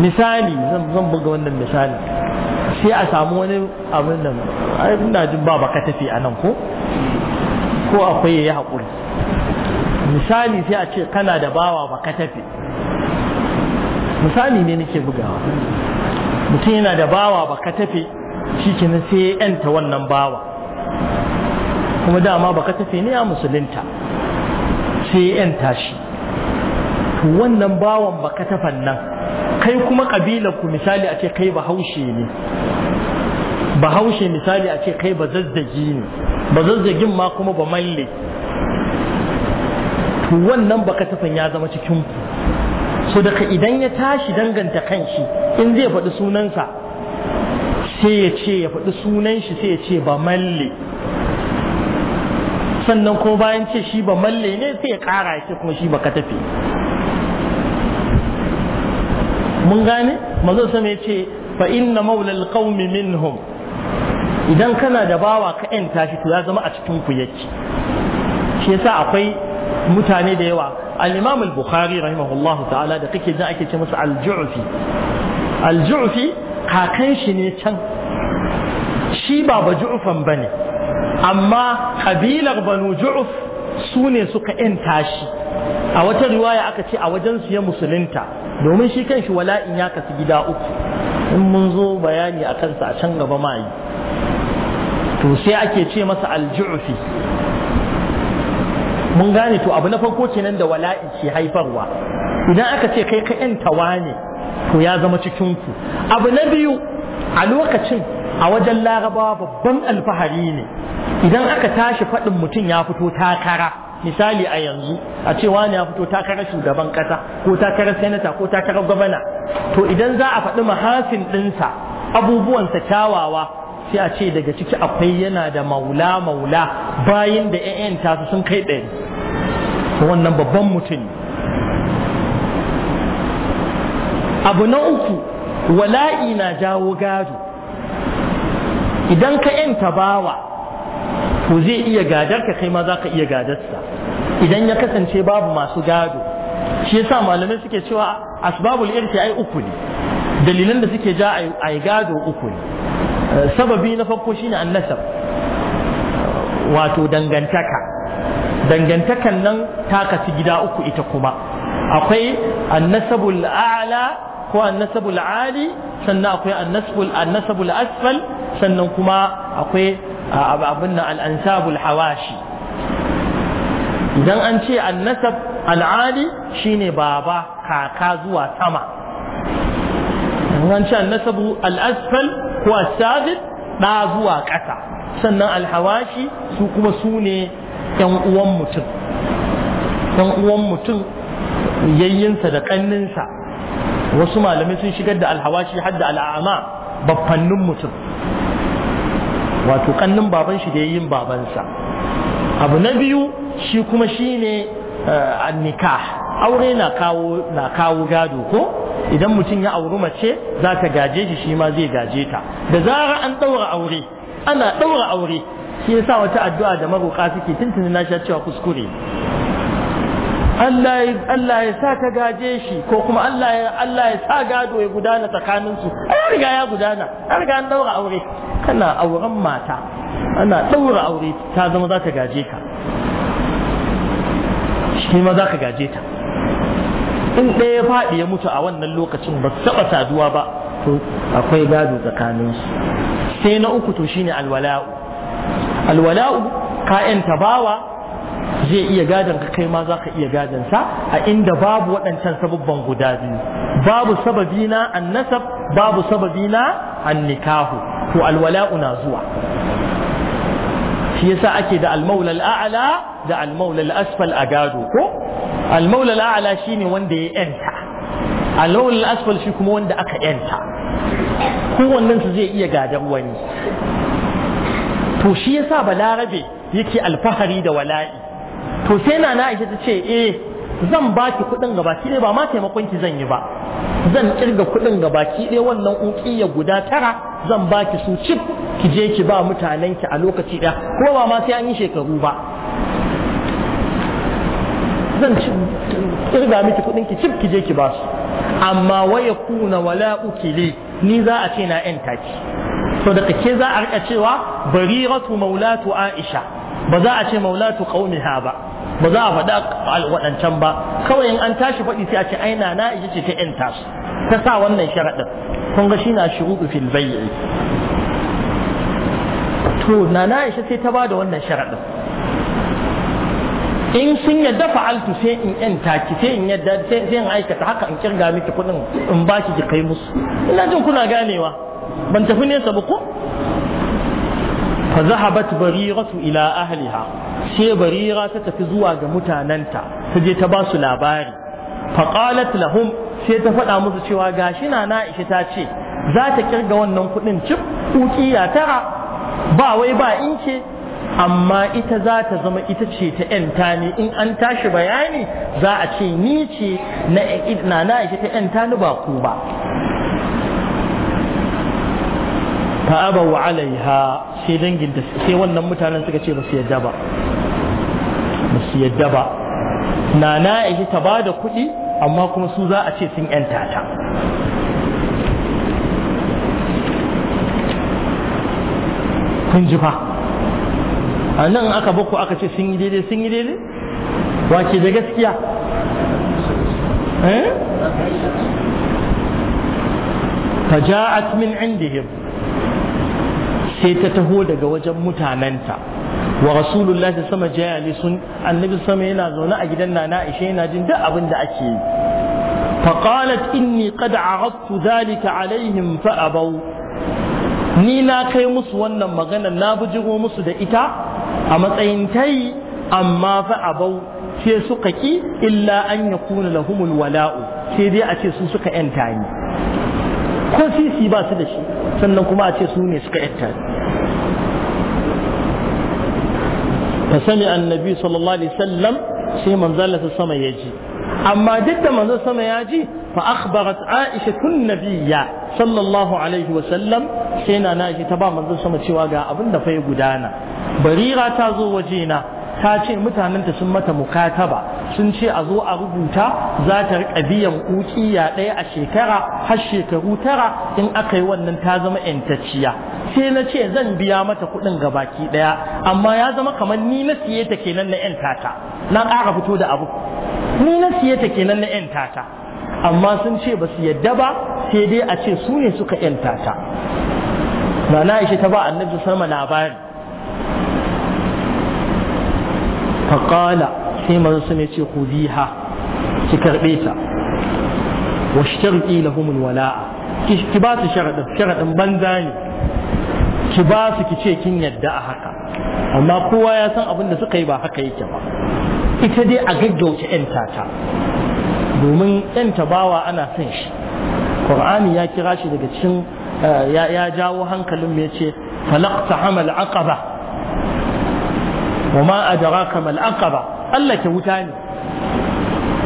misali zan buga wannan misali sai a samu wani abin nan ai ina jin ba baka tafi a nan ko ko akwai yayi hakuri misali sai a ce kana da bawa baka tafi misali ne nake bugawa mutum yana da bawa baka tafi kenan sai ya yanta wannan bawa kuma dama baka tafi ne a musulunta sai ya yanta shi to wannan bawan baka tafan nan kai kuma ƙabilar ku misali a ce kai bahaushe ne bahaushe misali a ce kai ba zazzagi ne ba zazzagin ma kuma ba malle to wannan ba tafan ya zama cikin ku so daga idan ya tashi danganta kanshi in zai faɗi sunansa sai ya ce ya faɗi sunan shi sai ya ce ba malle sannan ko bayan ce shi ba malle ne sai ya ƙara ya ce kuma shi ka tafi mun gane manzo sama ya ce fa inna maulal qaumi minhum idan kana da bawa ka yanta shi to ya zama a cikin ku yake shi yasa akwai mutane da yawa al-imam al-bukhari rahimahullah ta'ala da kake jin ake ce masa al-ju'fi al-ju'fi kakan shi ne can shi ba ba ju'fan bane amma kabilar banu ju'f su ne suka yanta shi a wata riwaya aka ce a wajen su ya musulunta domin shi kanshi wala'in ya kasu gida uku in mun zo bayani a kansa a can gaba mayi, to sai ake ce masa aljufi mun gane to abu na farko kenan da wala'in ke haifarwa idan aka ce kai ka yantawa ne to ya zama cikin ku abu na biyu a lokacin a wajen larabawa babban alfahari ne idan aka tashi faɗin mutum ya fito takara misali a yanzu a ce wani ya fito takarar shugaban kasa ko takarar senata ko takarar gwamna to idan za a faɗi mahasin ɗinsa abubuwansa kyawawa sai a ce daga ciki akwai yana da maula maula bayan da 'ya'yan tasu sun kai ɗari wannan babban mutum abu na uku wala'i na jawo gado idan ka 'yanta bawa to zai iya gadar ka kai ma za ka iya gadarsa idan ya kasance babu masu gado shi yasa malamai suke cewa asbabul irti ai uku ne dalilan da suke ja ai gado uku ne eh, sababi na farko shine annasab wato dangantaka dangantakan nan ta kasu gida uku ita kuma akwai annasabul a'la ko annasabul ali sannan akwai annasabul annasabul asfal sannan kuma akwai abin nan al ansabul hawashi idan an ce annasab al'ali shine baba kaka zuwa sama an ce annasabu al'asfal ko asabit ɗa zuwa ƙasa sannan alhawashi su kuma su ne ‘yan uwan mutum ‘yan uwan mutum yayyinsa da ƙanninsa wasu malamai sun shigar da alhawashi har da al'ama baffannin mutum wato ƙannin baban shi da yayin babansa abu na biyu shi kuma shi ne eh, annika aure na kawo gado ko idan mutum ya auri mace za ta gaje shi shi ma zai gaje ta da zara an ɗaura aure ana ɗaura aure shi ya sa wata addu'a da maroƙa suke tuntuni na sha cewa kuskure Allah ya sa ka gaje shi ko kuma Allah ya sa gado ya gudana tsakanin su riga ya gudana an riga an ɗaura aure kana auren mata ana ɗaura aure ta zama za ta gaje ka kai ma za ka gaje ta in ɗaya faɗi ya mutu a wannan lokacin ba taɓa saduwa ba to akwai gado tsakanin su sai na uku to shine alwala'u alwala'u ka'yan tabawa zai iya gadon ka kai ma za ka iya gadon sa a inda babu waɗancan sababban guda biyu babu sababi na annasab babu sababi na annikahu to alwala'u na zuwa shi yasa ake da al a'ala ala da al asfal a gado ko al a'ala ala shine wanda ya yanta al asfal shi kuma wanda aka yanta wannan su zai iya gadan wani to shi yasa balarabe yake alfahari da wala'i to sai na na ta ce eh zan ba ki kuɗin baki ɗaya ba ma taimakon ki zan yi ba zan kirga kuɗin baki ɗaya wannan ukiya guda tara zan ba ki su cif ki je ki ba mutanen ki a lokaci ɗaya ko ba ma sai an yi shekaru ba zan kirga miki kuɗin ki cif ki je ki ba su amma waya kuna wala ukili ni za a ce na yan taki to da ke za a riƙa cewa bariratu maulatu aisha ba za a ce maulatu qaumiha ba ba za a faɗa waɗancan ba kawai in an tashi faɗi sai a ce aina na ita ce ta yan ta sa wannan sharaɗin kun ga shi na shuruɗu fil bai'i to na na ita sai ta ba da wannan sharaɗin in sun yadda fa'altu sai in yanta ki sai in yadda sai in aikata haka in kirga miki kuɗin in ba ki kai musu ina jin kuna ganewa ban tafi nesa ba ku? fa zahabat bariratu ila ahliha sai barira ta tafi zuwa ga mutanenta ta je ta ba su labari faqalat lahum sai ta faɗa musu cewa gashi na na ishi ta ce za ta kirga wannan kuɗin cif ya tara ba wai ba inke amma ita za ta zama ita ce ta ‘yanta ne in an tashi bayani za a ce ni ce na na ishi ta ‘yanta ni ba ku ba fa abaw alaiha sai dangin da sai wannan mutanen suka ce ba su yadda ba ba su yadda ba na aiki ta bada kuɗi amma kuma su za a ce sun yanta ta kun ji fa a nan aka bako aka ce sun yi daidai sun yi daidai wa ke da gaskiya eh? ja'at min indihim sai ta taho daga wajen mutanenta wa rasulullahi sama sun annabi sama yana zaune a gidan nana ishe yana jin duk abin da ake yi faqalat inni qad rabtu dhalika alaihim fa abaw ni na kai musu wannan magana na bujiro musu da ita a matsayin tayi amma fa abau sai suka ki illa an yakuna lahumul wala'u sai dai a ce su suka yanta ni ko sisi ba su da shi sannan kuma a ce su ne suka yatta fa sami annabi sallallahu alaihi wasallam sai manzon ta sama ya ji amma duk da manzo sama ya ji fa akhbarat aisha tun nabiyya sallallahu alaihi wasallam sai na na ta ba manzon sama cewa ga abin da fa ya gudana barira ta zo wajena ta ce mutanenta sun mata mukataba sun ce a zo a rubuta za ta riƙa biyan ukiya ɗaya a shekara har shekaru tara in aka yi wannan ta zama ‘yantacciya sai na ce zan biya mata kuɗin ga baki ɗaya amma ya zama kamar ni na siye ta kenan na 'yantata na ƙara fito da abu ni na siye ta kenan na 'yantata amma sun ce ba su yadda ba sai dai a ce su ne suka 'yantata. ta na ta ba annabi sama labari faƙala sai su sun ce ku ziha ki karɓe ta wa sharqi lahumul wala'a ki ba su sharaɗin banza ne ki ba su ki ce kin yadda a haka amma kowa ya san abin da suka yi ba haka yake ba ita dai a gaggauta 'yanta tata domin 'yanta bawa ana son shi qur'ani ya kira shi daga cikin ya jawo hankalin mu ce falaqta hamal aqaba wa ma adraka mal aqaba Allah ke wuta ne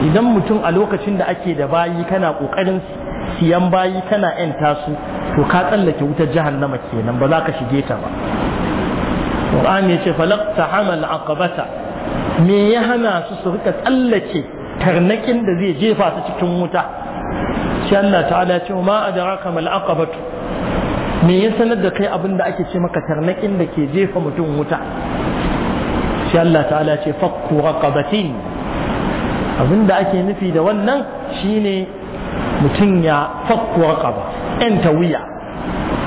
idan mutum a lokacin da ake da bayi kana ƙoƙarin siyan bayi kana yanta su to ka tsallake wutar jahannama kenan ba za ka shige ta ba Qur'an ya ce Falak falaqta hamal aqabata me ya hana su su rika tsallake tarnakin da zai jefa su cikin wuta shi Allah ta'ala ya ce ma adraka mal aqabatu me ya sanar da kai abin da ake ce maka tarnakin da ke jefa mutum wuta sai Allah ta'ala ce fakku raqabatin ake nufi da wannan shine mutum ya fakku raqaba yanta wuya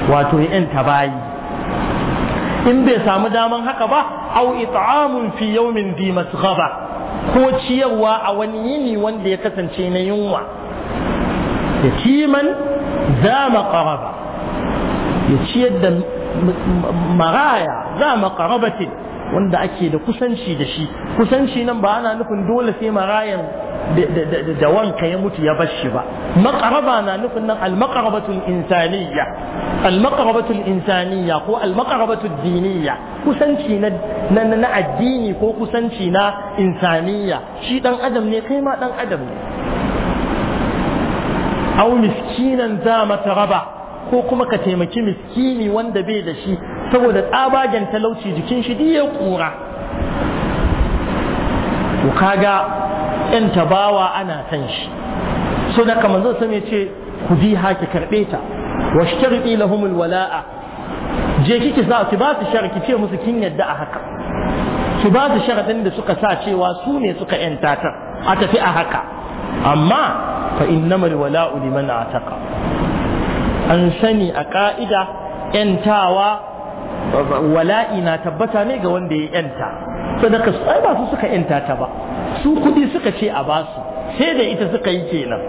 wato ya yanta bayi in bai samu daman haka ba au it'amun fi yawmin di masghaba ko ciyarwa a wani yini wanda ya kasance na yunwa yatiman za maqaraba ya ciyar da maraya za maqarabatin wanda ake da kusanci da shi kusanci nan ba ana nufin dole sai marayan da wanka ya mutu ya bashi ba maqaraba na nufin nan al insaniya. insaniyya insaniya ko al diniya. diniyya kusanci na na addini ko kusanci na insaniyya shi dan adam ne kai ma dan adam ne aw miskinan za raba? ko kuma ka taimaki miskini wanda bai da shi saboda tsabagen talauci jikin shi duk ya kura to kaga yan tabawa ana san shi so da kamar zan sani ce ku bi haki karbe ta wa shtarqi lahum alwala'a je kike sa ki ba su sharki ce musu kin yadda a haka ki ba su sharadin da suka sa cewa su ne suka yanta ta a tafi a haka amma fa innamal wala'u liman ataqa an sani a ka'ida yantawa wala'i na tabbata ne ga wanda ya yanta sadaka su ai ba su suka yanta ta ba su kudi suka ce a basu sai da ita suka yi kenan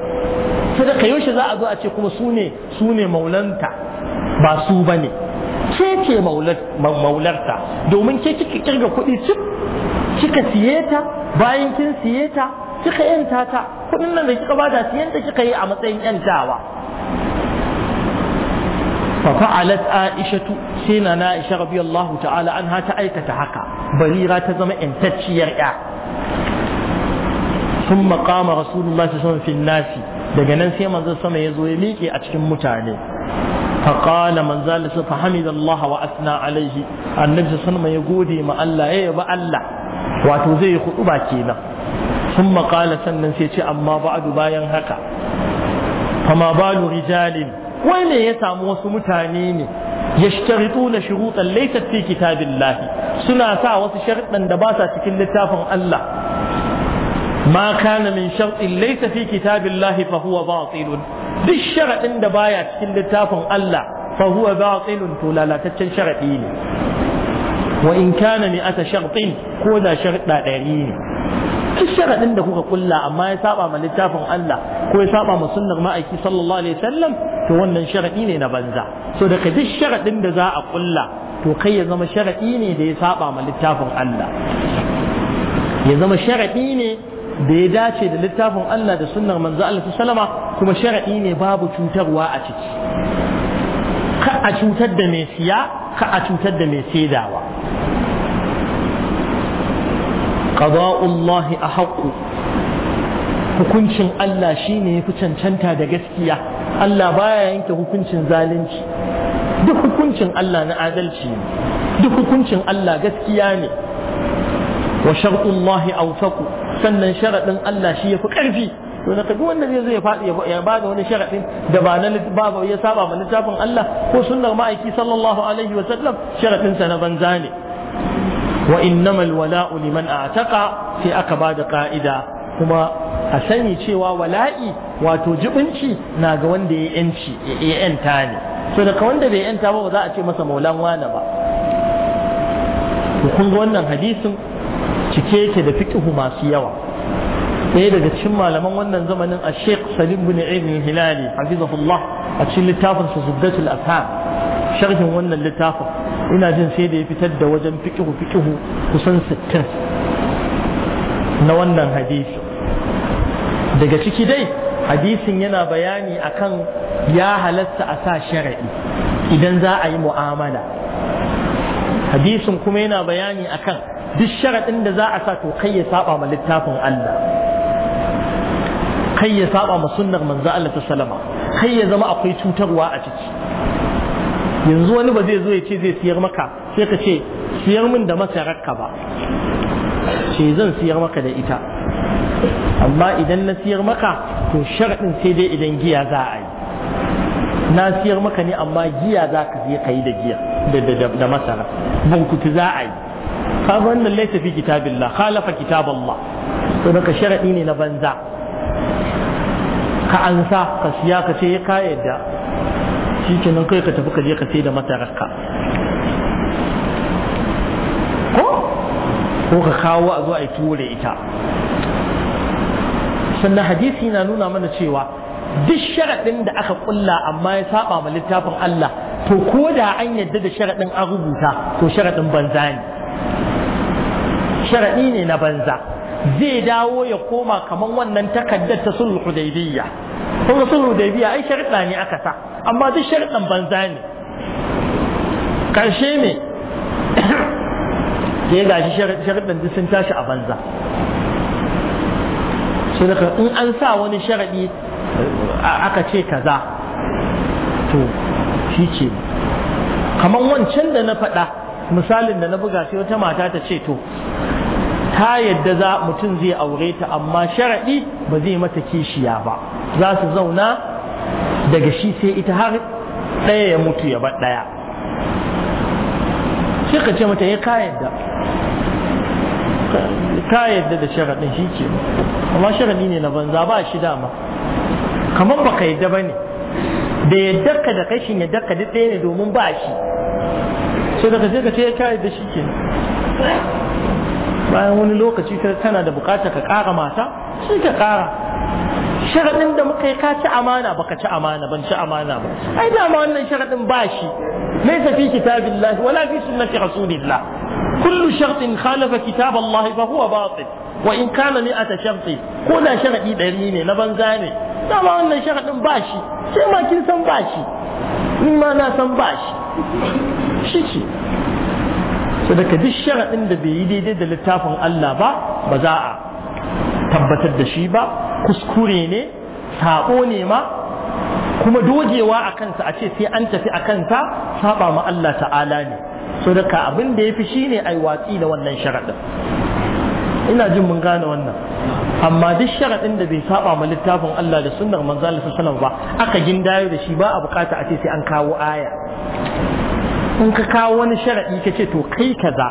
sadaka yaushe za a zo a ce kuma su ne su ne maulanta ba su ba ne ke ce maularta domin ke kika kirga kudi kika siye ta bayan kin siye ta kika yanta ta kuɗin nan da kika bada siyan ta kika yi a matsayin yantawa ففعلت عائشة سينا عائشة رضي الله تعالى عنها تأيكة حكا بريرة تزمع إن تتشير ثم قام رسول الله صلى الله عليه وسلم في الناس daga nan sai manzon sama ya zo ya miƙe a cikin mutane فقال من زال فحمد الله واثنى عليه النبي صلى الله عليه وسلم يقول ما الله ايه با الله wato zai yi ba kenan sun maƙala sannan sai ce amma ba'adu bayan haka fama balu rijalin Wai ne ya samu wasu mutane ne yashtarituna shurutan laysat fi lahi? suna sa wasu sharɗan da ba sa cikin littafin Allah ma kana min shartin laysa fi lahi fa huwa batilun duk sharaɗin da baya cikin littafin Allah fa huwa batilun to lalataccen sharaɗi ne wa in kana ni ata shartin ko da sharɗa ɗari ne duk sharaɗin da kuka kulla amma ya saba ma littafin Allah ko ya saba ma sunnar ma'aiki sallallahu alaihi wasallam to wannan sharaɗi ne na banza so daga duk sharaɗin da za a kulla to kai ya zama sharaɗi ne da ya saba ma littafin Allah ya zama sharaɗi ne da ya dace da littafin Allah da sunnar manzo Allah sallama kuma sharaɗi ne babu cutarwa a ciki ka a cutar da mai siya ka a cutar da mai saidawa qada'ullahi ahqqu hukuncin Allah shine yafi cancanta da gaskiya Allah baya yanke hukuncin zalunci duk hukuncin Allah na adalci ne duk hukuncin Allah gaskiya ne wa shar'ullahi sannan sharadin Allah shi yafi karfi to na kaga wanda zai faɗi ya ba da wani sharadin da ba na ba ya saba ma littafin Allah ko sunnar ma'aiki sallallahu alaihi wa sallam sharadin sa na banza ne wa innamal wala'u liman a'taqa sai aka ba da ka'ida kuma a sani cewa wala'i wato jibinci na ga wanda ya yanci ya yanta ne so daga wanda bai yanta ba ba za a ce masa maulan ba kun ga wannan hadisin cike yake da fiqhu masu yawa ɗaya daga cikin malaman wannan zamanin a sheikh salim bin ibn hilali hafizahullah a cikin littafin sa zubdatul sharhin wannan littafin ina jin sai da ya fitar da wajen fikihu fikihu kusan sittin na wannan hadisi daga ciki dai hadisin yana bayani akan ya halatta a sa shara'i idan za a yi mu'amala hadisin kuma yana bayani akan duk sharaɗin da za a sa to kai ya saba ma littafin Allah kai ya saba ma sunnar manzo Allah ta salama kai ya zama akwai cutarwa a ciki yanzu wani ba zai zo ya ce zai siyar maka sai ka ce siyar min da masarar ka ba ce zan siyar maka da ita amma idan na siyar maka to sharaɗin sai dai idan giya za a yi na siyar maka ne amma giya za ka je ka yi da giya da masara bunkutu za a yi ka wannan laisa fi kitabillah khalafa kitaballah to daga sharaɗi ne na banza ka ansa ka siya ka ce ka yadda shi ke nan kai ka tafi ka je ka sai da masararka ko ko ka kawo a zo a yi ita sannan hadisi na nuna mana cewa duk sharaɗin da aka kulla amma ya saba ma littafin Allah to ko da an yadda da sharaɗin an rubuta to sharaɗin banza ne sharaɗi ne na banza zai dawo ya koma kamar wannan takaddar ta sulhu daidaiya kun ga sulhu da biya ai sharɗa ne aka sa amma duk sharɗan banza ne karshe ne ke ga shi sharɗan duk sun tashi a banza sai daga in an sa wani sharaɗi aka ce kaza to shi ce kamar wancan da na faɗa misalin da na buga sai wata mata ta ce to ta yadda za mutum zai aure ta amma sharaɗi ba zai mata kishiya ba za su zauna daga shi sai ita har ɗaya ya mutu ya bar ɗaya sai ka ce mata ya eh, ka yadda ka yadda da sharaɗin shi ke amma sharaɗi ne na banza ba shi dama kamar ba ka yadda ba ne da yadda ka da kashin yadda ka duk ɗaya ne domin ba shi sai da ka je ka ce ya eh, ka yadda shi ke bayan wani lokaci tana da bukata ka ƙara mata sai ka ƙara sharaɗin da muka yi ka ci amana ba ka ci amana ban ci amana ba ai dama wannan sharaɗin ba shi laysa kitabin Lahi? wala fi sunnati rasulillah kullu shartin khalafa kitab Allah fa huwa batil wa in kana mi'ata sharti ko da sharaɗi ɗari ne na banza ne dama wannan sharaɗin ba shi sai ma kin san ba shi ma na san ba shi shi ce sadaka duk sharaɗin da bai yi daidai da littafin Allah ba ba za a tabbatar da shi ba kuskure ne saɓo ne ma kuma dogewa a kansa a ce sai an tafi a kansa saba ma Allah ta'ala ne so daga abin da ya fi shi ai watsi da wannan sharaɗin ina jin mun gane wannan amma duk sharaɗin da bai saɓa ma littafin Allah da sunnar manzo Allah sallallahu ba aka gin dayo da shi ba a bukata a ce sai an kawo aya in ka kawo wani sharaɗi ka ce to kai kaza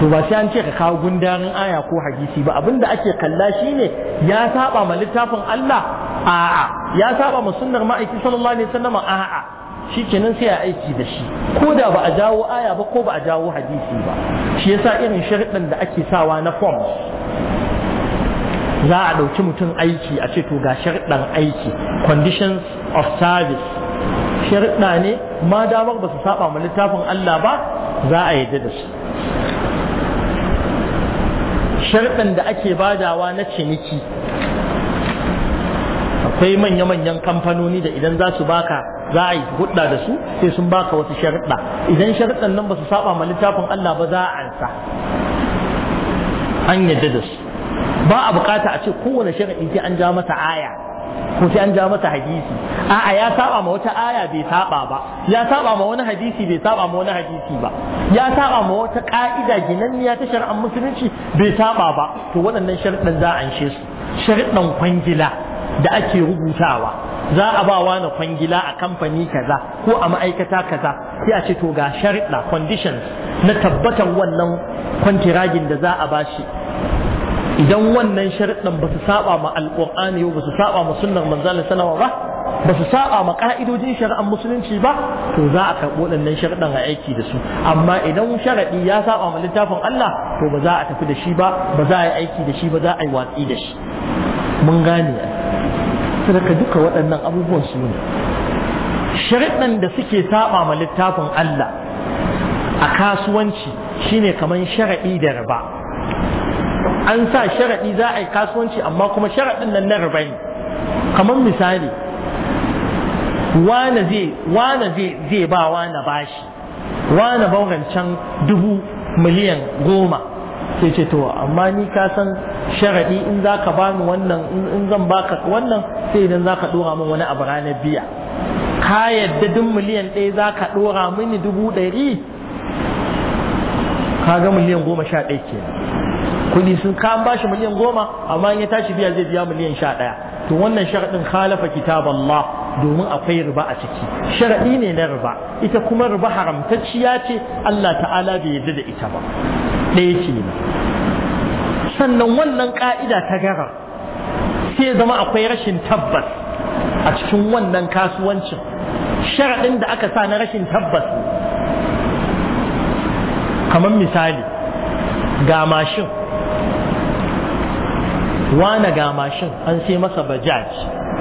to ba sai an ce ka kawo gundarin aya ko hadisi ba abinda ake kalla shine ya saba ma littafin Allah a'a ya saba ma sunnar ma'aiki sallallahu alaihi wasallam a'a shikenan sai a aiki da shi ko da ba a jawo aya ba ko ba a jawo hadisi ba shi yasa irin sharuɗan da ake sawa na form za a ɗauki mutum aiki a ce to ga sharuɗan aiki conditions of service sharuɗa ne ma damar ba su saba ma littafin Allah ba za a yi da su sharɗin da ake badawa na ciniki akwai manya-manyan kamfanoni da idan za su baka za a yi hudda da su sai sun baka wasu sharɗa idan sharɗan nan ba su saba ma littafin Allah ba za a ansa an yadda da su ba a bukata a ce kowane in sai an ja masa aya ko sai an ja masa hadisi a'a ya saba ma wata aya bai saba ba ya saba ma wani hadisi bai saba ma wani hadisi ba ya saba ma wata ka'ida ginanniya ta shar'an musulunci bai saba ba to waɗannan sharɗan za a anshe su sharɗan kwangila da ake rubutawa za a ba wani kwangila a kamfani kaza ko a ma'aikata kaza sai a ce to ga sharɗa conditions na tabbatar wannan kwantiragin da za a ba shi. idan wannan sharuɗan ba su saba ma alƙur'ani ba su saba ma sunnar manzon sanawa ba ba su saba ma ka'idojin shari'ar musulunci ba to za a karɓo waɗannan sharuɗan a aiki da su amma idan sharaɗi ya saba ma littafin Allah to ba za a tafi da shi ba ba za a yi aiki da shi ba za a yi watsi da shi mun gane sadaka duka waɗannan abubuwan su ne sharuɗan da suke saba ma littafin Allah a kasuwanci shine kaman sharaɗi da riba an sa sharaɗi za a yi kasuwanci amma kuma sharaɗin nan na riba ne kamar misali wane zai wane ba wane bashi wane rancen dubu miliyan goma sai ce to amma ni ka san sharaɗi in za ka bani wannan in zan baka wannan sai idan za ka ɗora min wani abu ranar biya ka yadda duk miliyan ɗaya za ka ɗora mini dubu ɗari ka ga miliyan goma sha ɗaya ke kuɗi sun kan bashi miliyan goma amma in ya tashi biya zai biya miliyan sha ɗaya to wannan sharaɗin khalafa kitab Allah domin akwai riba a ciki sharaɗi ne na riba ita kuma riba haramtacciya ce Allah ta'ala bai yarda da ita ba ɗaya ce sannan wannan ka'ida ta gara sai zama akwai rashin tabbas a cikin wannan kasuwancin sharaɗin da aka sa na rashin tabbas kamar misali ga mashin wane ga mashin an sai masa bajaj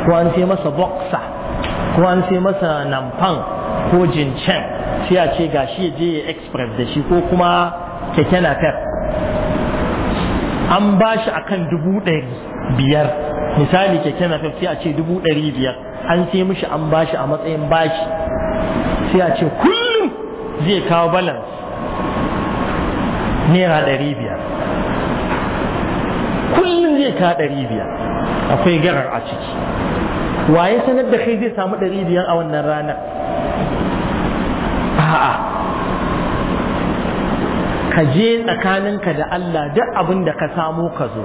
ko an sai masa boxer ko an sai masa namfan ko jincen sai a ce ga shi je ya express da shi ko kuma keke napep an ba shi a kan dubu ɗari biyar misali keke napep sai a ce dubu ɗari biyar an sai mishi an ba shi a matsayin bashi sai a ce kullum zai kawo balance naira ɗari biyar kullum zai ka ɗari biyar akwai garar a ciki waye sanar da kai zai samu ɗari biyar a wannan ranar a'a ka je tsakaninka da Allah duk abin da ka samu ka zo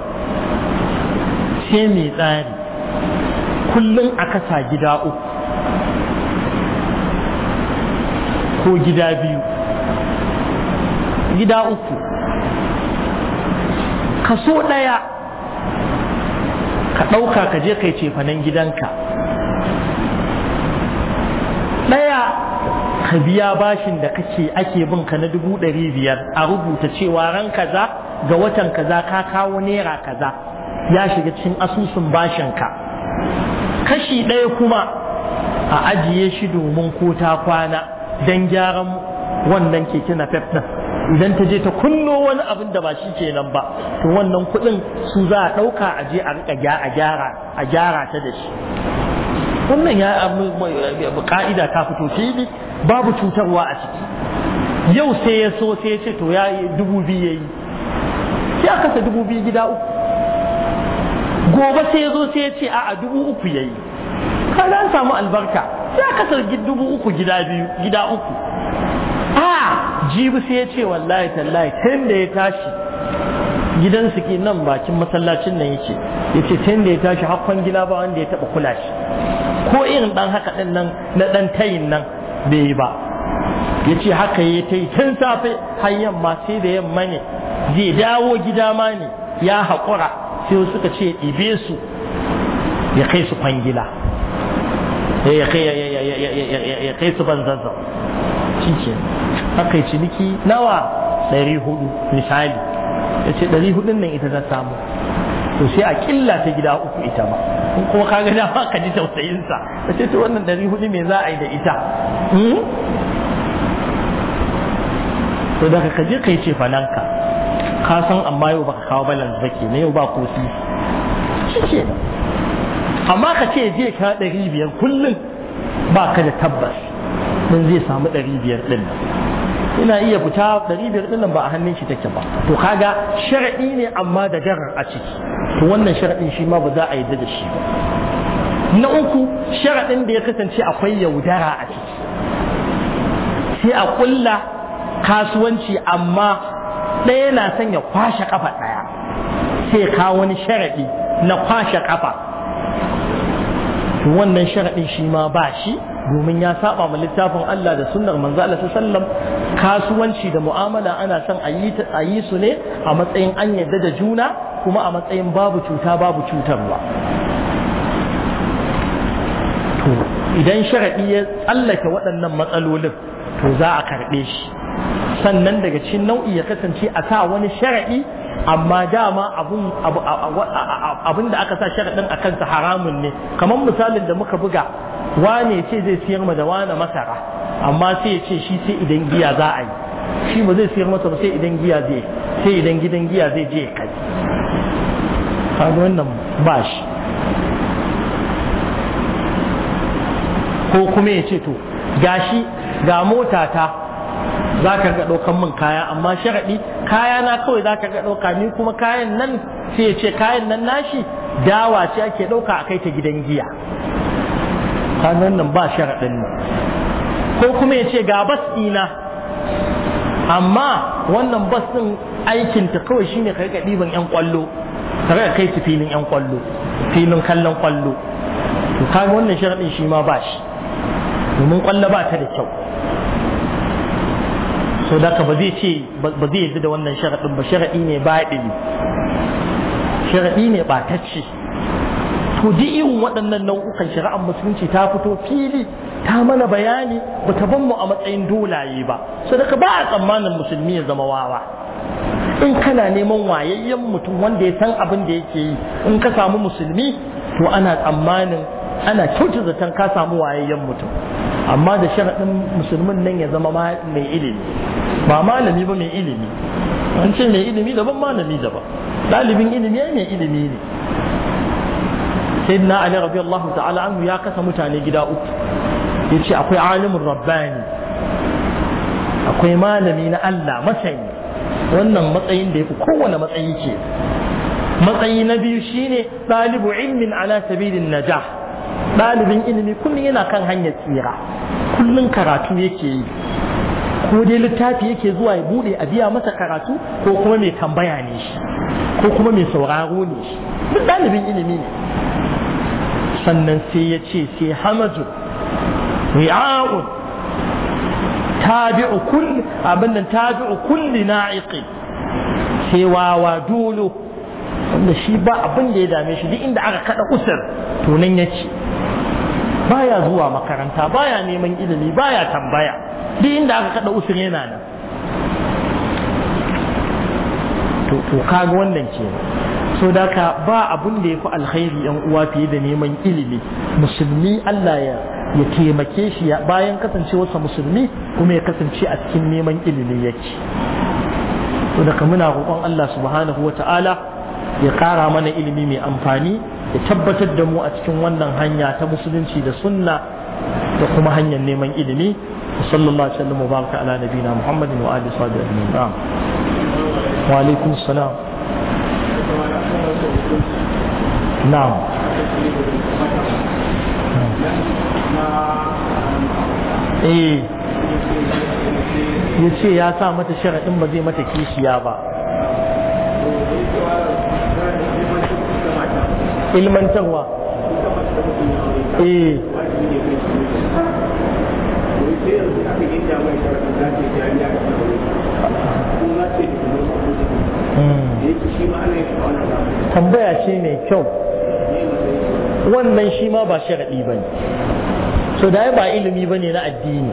ce mai tsari kullum a kasa gida uku ko gida biyu gida uku kaso ɗaya ka ɗauka ka je kai cefanen gidanka ɗaya ka biya bashin da kake ake bin ka na dubu ɗari biyar a rubuta cewa ran kaza ga watan kaza ka kawo naira kaza ya shiga cikin asusun bashin ka. kashi ɗaya kuma a ajiye shi domin ko ta kwana don gyaran wannan keke na ɗin idan ta je ta kunno wani abin da ba shi nan ba to wannan kuɗin su za a ɗauka a je a riƙa a gyara a gyara ta da shi wannan ya ka'ida ta fito fili babu cutarwa a ciki yau sai ya so sai ya ce to ya dubu biyu ya yi sai aka sa dubu biyu gida uku gobe sai ya zo sai ya ce a'a dubu uku ya yi Ka samu albarka sai aka sa dubu uku gida biyu gida uku a jibi sai ya ce wallahi tallahi tun da ya tashi gidan su ke nan bakin masallacin nan yake ya ce tun da ya tashi hakkon gida ba wanda ya taba kula shi ko irin dan haka din nan na dan tayin nan bai yi ba ya ce haka ya ta yi tun safe har yamma sai da yamma ne zai dawo gida ma ne ya haƙura sai suka ce ɗibe su ya kai su kwangila ya kai su banzanzan shi aka yi ciniki nawa ɗari hudu misali ya ce ɗari hudun nan ita ta samu to sai a killa ta gida uku ita ba in kuma ka gada ma ka ji tausayinsa ta ce to wannan ɗari hudu me za a yi da ita hmm? to daga ka je kai ce cefananka ka san amma yau baka kawo balance ba ke na yau ba ko shi shi ke amma ka ce je ka ɗari biyar kullum ba ka da tabbas mun zai samu ɗari biyar ɗin nan ina iya fita ɗari biyar ɗin ba a hannun shi take ba to kaga sharaɗi ne amma da garar a ciki to wannan sharaɗin shi ma ba za a yarda da shi ba na uku sharaɗin da ya kasance akwai yaudara a ciki sai a ƙulla kasuwanci amma ɗaya na son ya kwashe kafa ɗaya sai kawo wani sharaɗi na kwashe kafa to wannan sharaɗin shi ma ba shi domin ya saba ma littafin Allah da sunnar manzo Allah sallam kasuwanci da mu'amala ana son a yi su ne a matsayin an yadda da juna kuma a matsayin babu cuta babu cutarwa to idan sharadi ya tsallake waɗannan matsalolin to za a karɓe shi sannan daga cikin nau'i ya kasance a sa wani sharadi amma dama abun abun da aka sa sharaɗin a kansa haramun ne kamar misalin da muka buga wane ce zai siyar ma da wane masara amma sai ya ce shi sai idan giya za a yi shi ba zai siyar masa ba sai idan giya zai sai idan gidan giya zai je ka kai kaga wannan ba shi ko kuma ya ce to gashi ga mota ta za ka ga ɗaukan min kaya amma sharaɗi kaya na kawai za ka ɗauka ni kuma kayan nan sai ce kayan nan nashi dawa ce ake ɗauka a kai ta gidan giya kanan nan ba sharaɗin ne ko kuma ya ce ga bas ina amma wannan bas ɗin aikinta kawai shine ka riƙa ɗiban 'yan kwallo ka riƙa kai su filin 'yan kwallo filin kallon kwallo to kaga wannan sharaɗin shi ma ba shi domin ƙwallo ba ta da kyau so da ba zai ce ba zai yarda da wannan sharaɗin ba sharaɗi ne baɗini sharaɗi ne ɓatacce to ji irin waɗannan nau'ukan shari'ar musulunci ta fito fili ta mana bayani ba ta ban mu a matsayin dolaye ba so da ba a tsammanin musulmi ya zama wawa in kana neman wayayyen mutum wanda ya san abin da yake yi in ka samu musulmi to ana tsammanin ana kyauta zaton ka samu wayayyen mutum amma da sharaɗin musulmin nan ya zama mai ilimi ba malami ba mai ilimi an ce mai ilimi daban malami daban ɗalibin ilimi ya mai ilimi ne sai ali rabi allahu ta'ala anhu ya kasa mutane gida uku ya ce akwai alimin rabbani akwai malami na allah masani wannan matsayin da ya fi kowane matsayi ke matsayi na biyu shine ɗalibu ilmin ala sabilin najah ɗalibin ilimi kullum yana kan hanyar tsira kullum karatu yake yi ko dai littafi yake zuwa ya bude a biya masa karatu ko kuma mai tambaya ne shi ko kuma mai sauraro ne shi duk ɗalibin ilimi ne sannan sai ya ce sai hamazu ri'a'un tabi'u kulli abin nan tabi'u kulli na'iqi sai wawa dolo wanda shi ba abin da ya dame shi duk inda aka kada usur to nan ya ci baya zuwa makaranta baya neman ilimi baya tambaya duk inda aka kada usur yana nan to to kaga wannan ce, so da ka ba abin da ya fi alkhairi yan uwa fiye da neman ilimi musulmi Allah ya ya taimake shi bayan kasance wasa musulmi kuma ya kasance a cikin neman ilimi yake to daga muna roƙon Allah subhanahu wa ta'ala ya ƙara mana ilimi mai amfani ya tabbatar da mu a cikin wannan hanya ta musulunci da sunna da kuma hanyar neman ilimi sallallahu alaihi wasallam wa baraka ala nabiyina muhammadin wa alihi wa sahbihi wa alaikum salam na'am eh ya ce ya sa mata sharaɗin ba zai mata kishiya ba ilmantarwa eh. hmm. tambaya ce mai kyau wannan shi ma ba sharaɗi ba ne so da ba ilimi ba ne na addini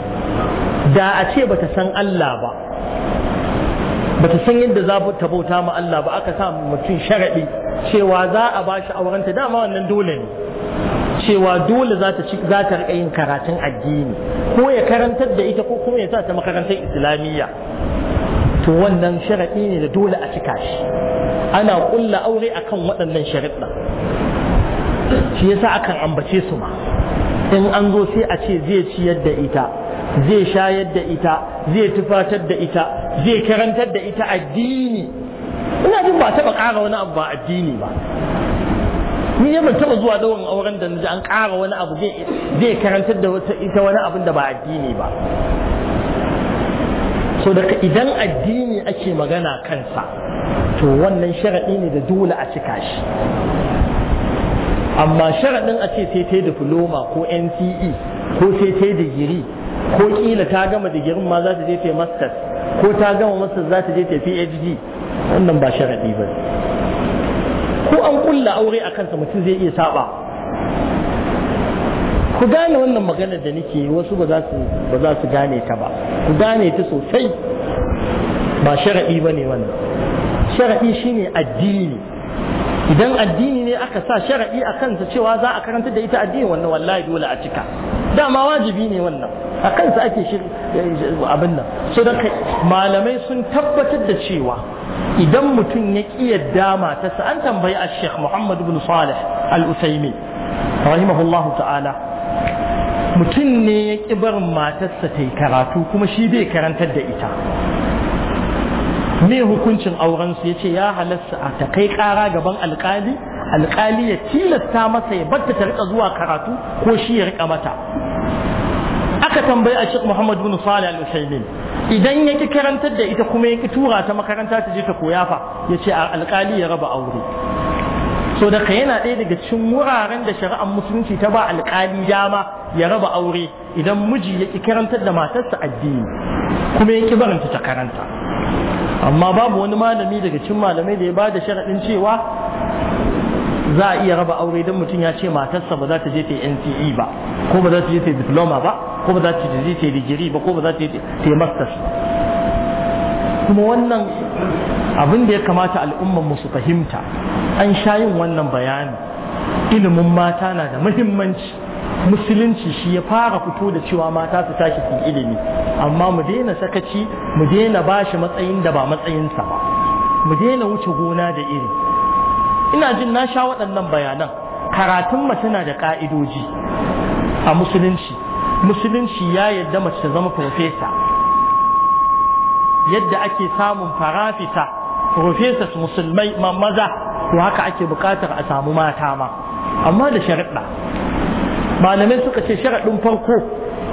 da a ce ba ta san Allah ba bata san yadda za ta bauta ma Allah ba aka sa mutum sharaɗi cewa za a ba shi aurenta dama wannan dole ne cewa dole za ta za ta riƙa yin karatun addini ko ya karantar da ita ko kuma ya sa ta makarantar islamiyya to wannan sharaɗi ne da dole a cika shi ana ƙulla aure akan waɗannan sharaɗa shi yasa akan ambace su ma in an zo sai a ce zai ciyar da ita zai shayar da ita zai tufatar da ita zai karantar da ita addini ina jin ba taɓa ƙara wani abu ba addini ba ni ne ban taɓa zuwa ɗaurin auren da naji an ƙara wani abu zai karantar da ita wani abin da ba addini ba so daga idan addini ake magana kansa to wannan sharaɗi ne da dole a cika shi amma sharaɗin a ce sai ta diploma ko nce ko sai ta digiri ko kila ta gama digirin ma za ta je ta masters ko ta gama masters za ta je ta phd wannan ba sharadi ba ko an kulla aure a kansa mutum zai iya saba ku gane wannan magana da nake wasu ba za su ba za su gane ta ba ku gane ta sosai ba sharadi ba ne wannan sharadi shine addini idan addini ne aka sa sharadi a kansa cewa za a karanta da ita addini wannan wallahi dole a cika dama wajibi ne wannan a kansa ake shi eh, abin nan so don malamai sun tabbatar da cewa idan mutum ya ƙi yadda matarsa an tambayi a sheikh muhammad bin salih al-usaimi rahimahullahu ta'ala mutum ne ya ƙi bar matarsa ta karatu kuma shi bai karantar da ita me hukuncin aurensu ya ce ya halasta a ta kai ƙara gaban alkali alkali ya tilasta masa ya batta ta rika zuwa karatu ko shi ya rika mata aka tambayi a Sheikh Muhammad bin Salih al-Usaimin idan yake karantar da ita kuma yake tura ta makaranta ta je ta koya fa yace alkali ya raba aure so da kai yana ɗaya daga cikin wuraren da shari'ar musulunci ta ba alkali dama ya raba aure idan miji yake karantar da matarsa addini kuma yake barinta ta karanta amma babu wani malami daga cikin malamai da ya ba da sharaɗin cewa za a iya raba aure don mutum ya ce matarsa ba za ta je ta NCE ba ko ba za ta je ta diploma ba ko ba za ta je ta digiri ba ko ba za ta je ta masters kuma wannan abin da ya kamata al'ummar mu su fahimta an sha yin wannan bayani ilimin mata na da muhimmanci musulunci shi ya fara fito da cewa mata su tashi su ilimi amma mu daina sakaci mu daina bashi matsayin da ba matsayinsa ba mu daina wuce gona da iri ina jin na sha waɗannan bayanan karatun mace na da ƙa'idoji a musulunci musulunci ya yadda mace ta zama profesa yadda ake samun farafita professors musulmai maza to haka ake buƙatar a samu mata ma amma da sharaɗa malamai suka ce sharaɗin farko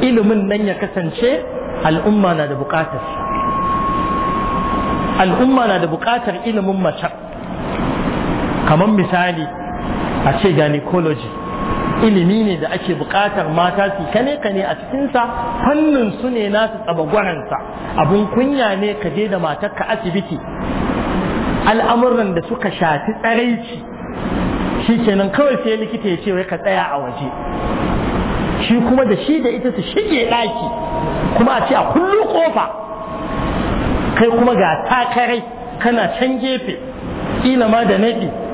ilimin nan ya kasance al'umma na da buƙatar al'umma ilimin mace kamar misali a ce gynecology ilimi ne da ake buƙatar mata su kane kane a cikinsa fannin su ne nasu tsabagwaransa abun kunya ne ka je da matarka asibiti al'amuran da suka shafi tsaraici shi kenan kawai sai likita ya ce wai ka tsaya a waje shi kuma da shi da ita su shige ɗaki kuma a ce a kullu kofa kai kuma ga takarai kana can gefe ƙila ma da naɗi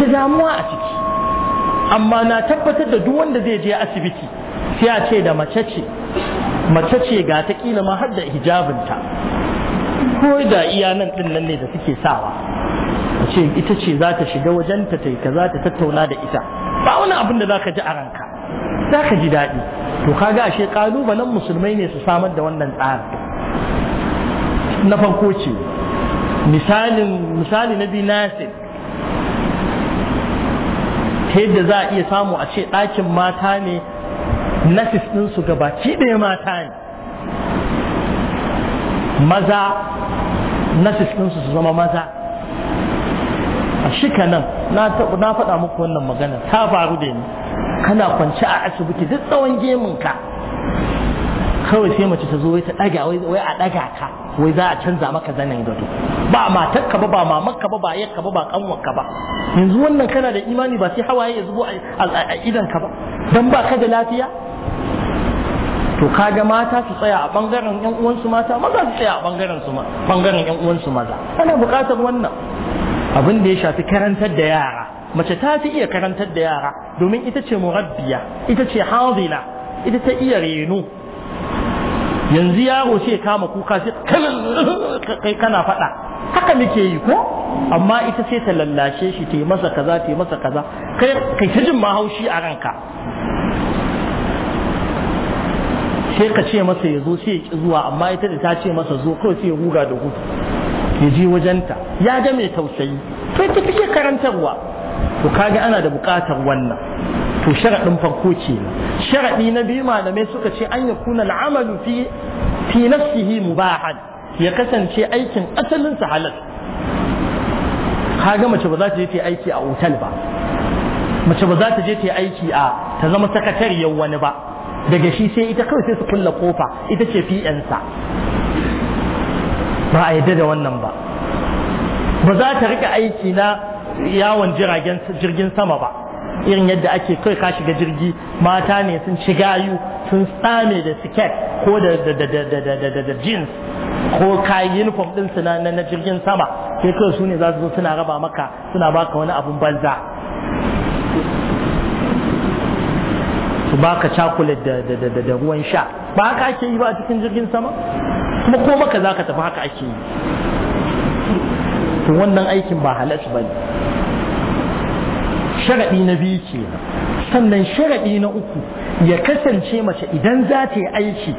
da damuwa a ciki amma na tabbatar da duk wanda zai je asibiti sai a ce da mace ce mace ce ga ta kila ma har da hijabinta ko da iya din nan ne da suke sawa a ce ita ce za ta shiga wajen ta yi za ta tattauna da ita ba wani abin da za ka ji a ranka za ka ji daɗi to kaga ashe ƙalubalen musulmai ne su samar da wannan tsarin na farko ce misalin misali na biyu nasir ta yadda za a iya samu a ce ɗakin mata ne nafis ɗinsu gabaki ɗaya mata ne maza na ɗinsu su zama maza a shika nan na faɗa muku wannan magana ta faru da ni kana kwance a asibiti duk tsawon geminka kawai sai mace ta zo wai ta daga wai a daga ka wai za a canza maka zanen gado ba matar ka ba ba mamar ka ba ba yakka ba ba kanwar ka ba yanzu wannan kana da imani ba sai hawaye ya zubo a idan ka ba dan ba ka da lafiya to kaga mata su tsaya a bangaren yan uwansu mata maza su tsaya a bangaren su bangaren yan uwansu maza ana buƙatar wannan abin da ya shafi karantar da yara mace ta fi iya karantar da yara domin ita ce murabbiya ita ce hazina ita ta iya reno yanzu yaro sai kama kuka sai kai kana faɗa haka muke yi ko amma ita sai ta lallashe shi ta yi masa kaza ta yi masa kaza kai ta jin mahaushi a ranka sai ka ce masa ya zo sai ya ki zuwa amma ita da ta ce masa zo kawai sai ya guga da gudu ya je wajenta ya ga mai tausayi to ita take karantarwa to kaga ana da buƙatar wannan to sharaɗin farko kenan sharaɗi na biyu malamai suka ce an ya kuna al'amalu fi fi nafsihi mubahan ya kasance aikin asalin sa halal ga mace ba za ta je ta aiki a otal ba mace ba za ta je ta aiki a ta zama sakatariyar wani ba daga shi sai ita kawai sai su kulla kofa ita ce fi'yan sa ba a yadda da wannan ba ba za ta rika aiki na yawon jiragen jirgin sama ba irin yadda ake kai ka shiga jirgi mata ne sun ci gayu sun tsame da siket ko da jeans ko kayan uniform din su na jirgin sama sai kai su ne za su zo suna raba maka suna baka wani abun banza su baka cakulet da ruwan sha ba haka ake yi ba cikin jirgin sama kuma ko maka za ka tafi haka ake yi to wannan aikin ba halas ba ne sharaɗi na biyu ke sannan sharaɗi na uku ya kasance mace idan za ta yi aiki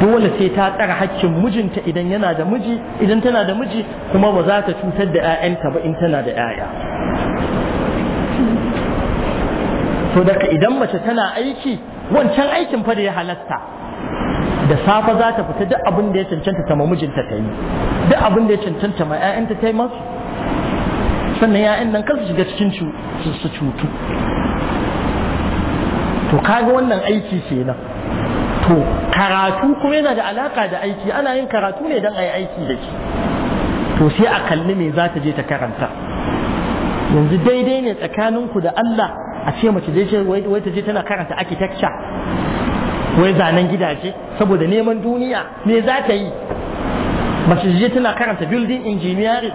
dole sai ta tsara hakkin mijinta idan yana da miji idan tana da miji kuma ba za ta cutar da 'ya'yanta ba in tana da 'ya'ya to daga idan mace tana aiki wancan aikin fa da ya halatta da safe za ta fita duk abin da ya cancanta ta ma mijinta ta yi duk abin da ya cancanta ma 'ya'yanta ta yi masu sannan ya'yan nan kansu shiga cikin su cutu to kaga wannan aiki nan to karatu kuma yana da alaka da aiki ana yin karatu ne don a yi aiki da shi to sai a kalli me za ta je ta karanta yanzu daidai ne tsakaninku da Allah a ce mace ce wai ta je tana karanta architecture wai zanen gidaje saboda neman duniya me za ta yi mace je tana karanta building engineering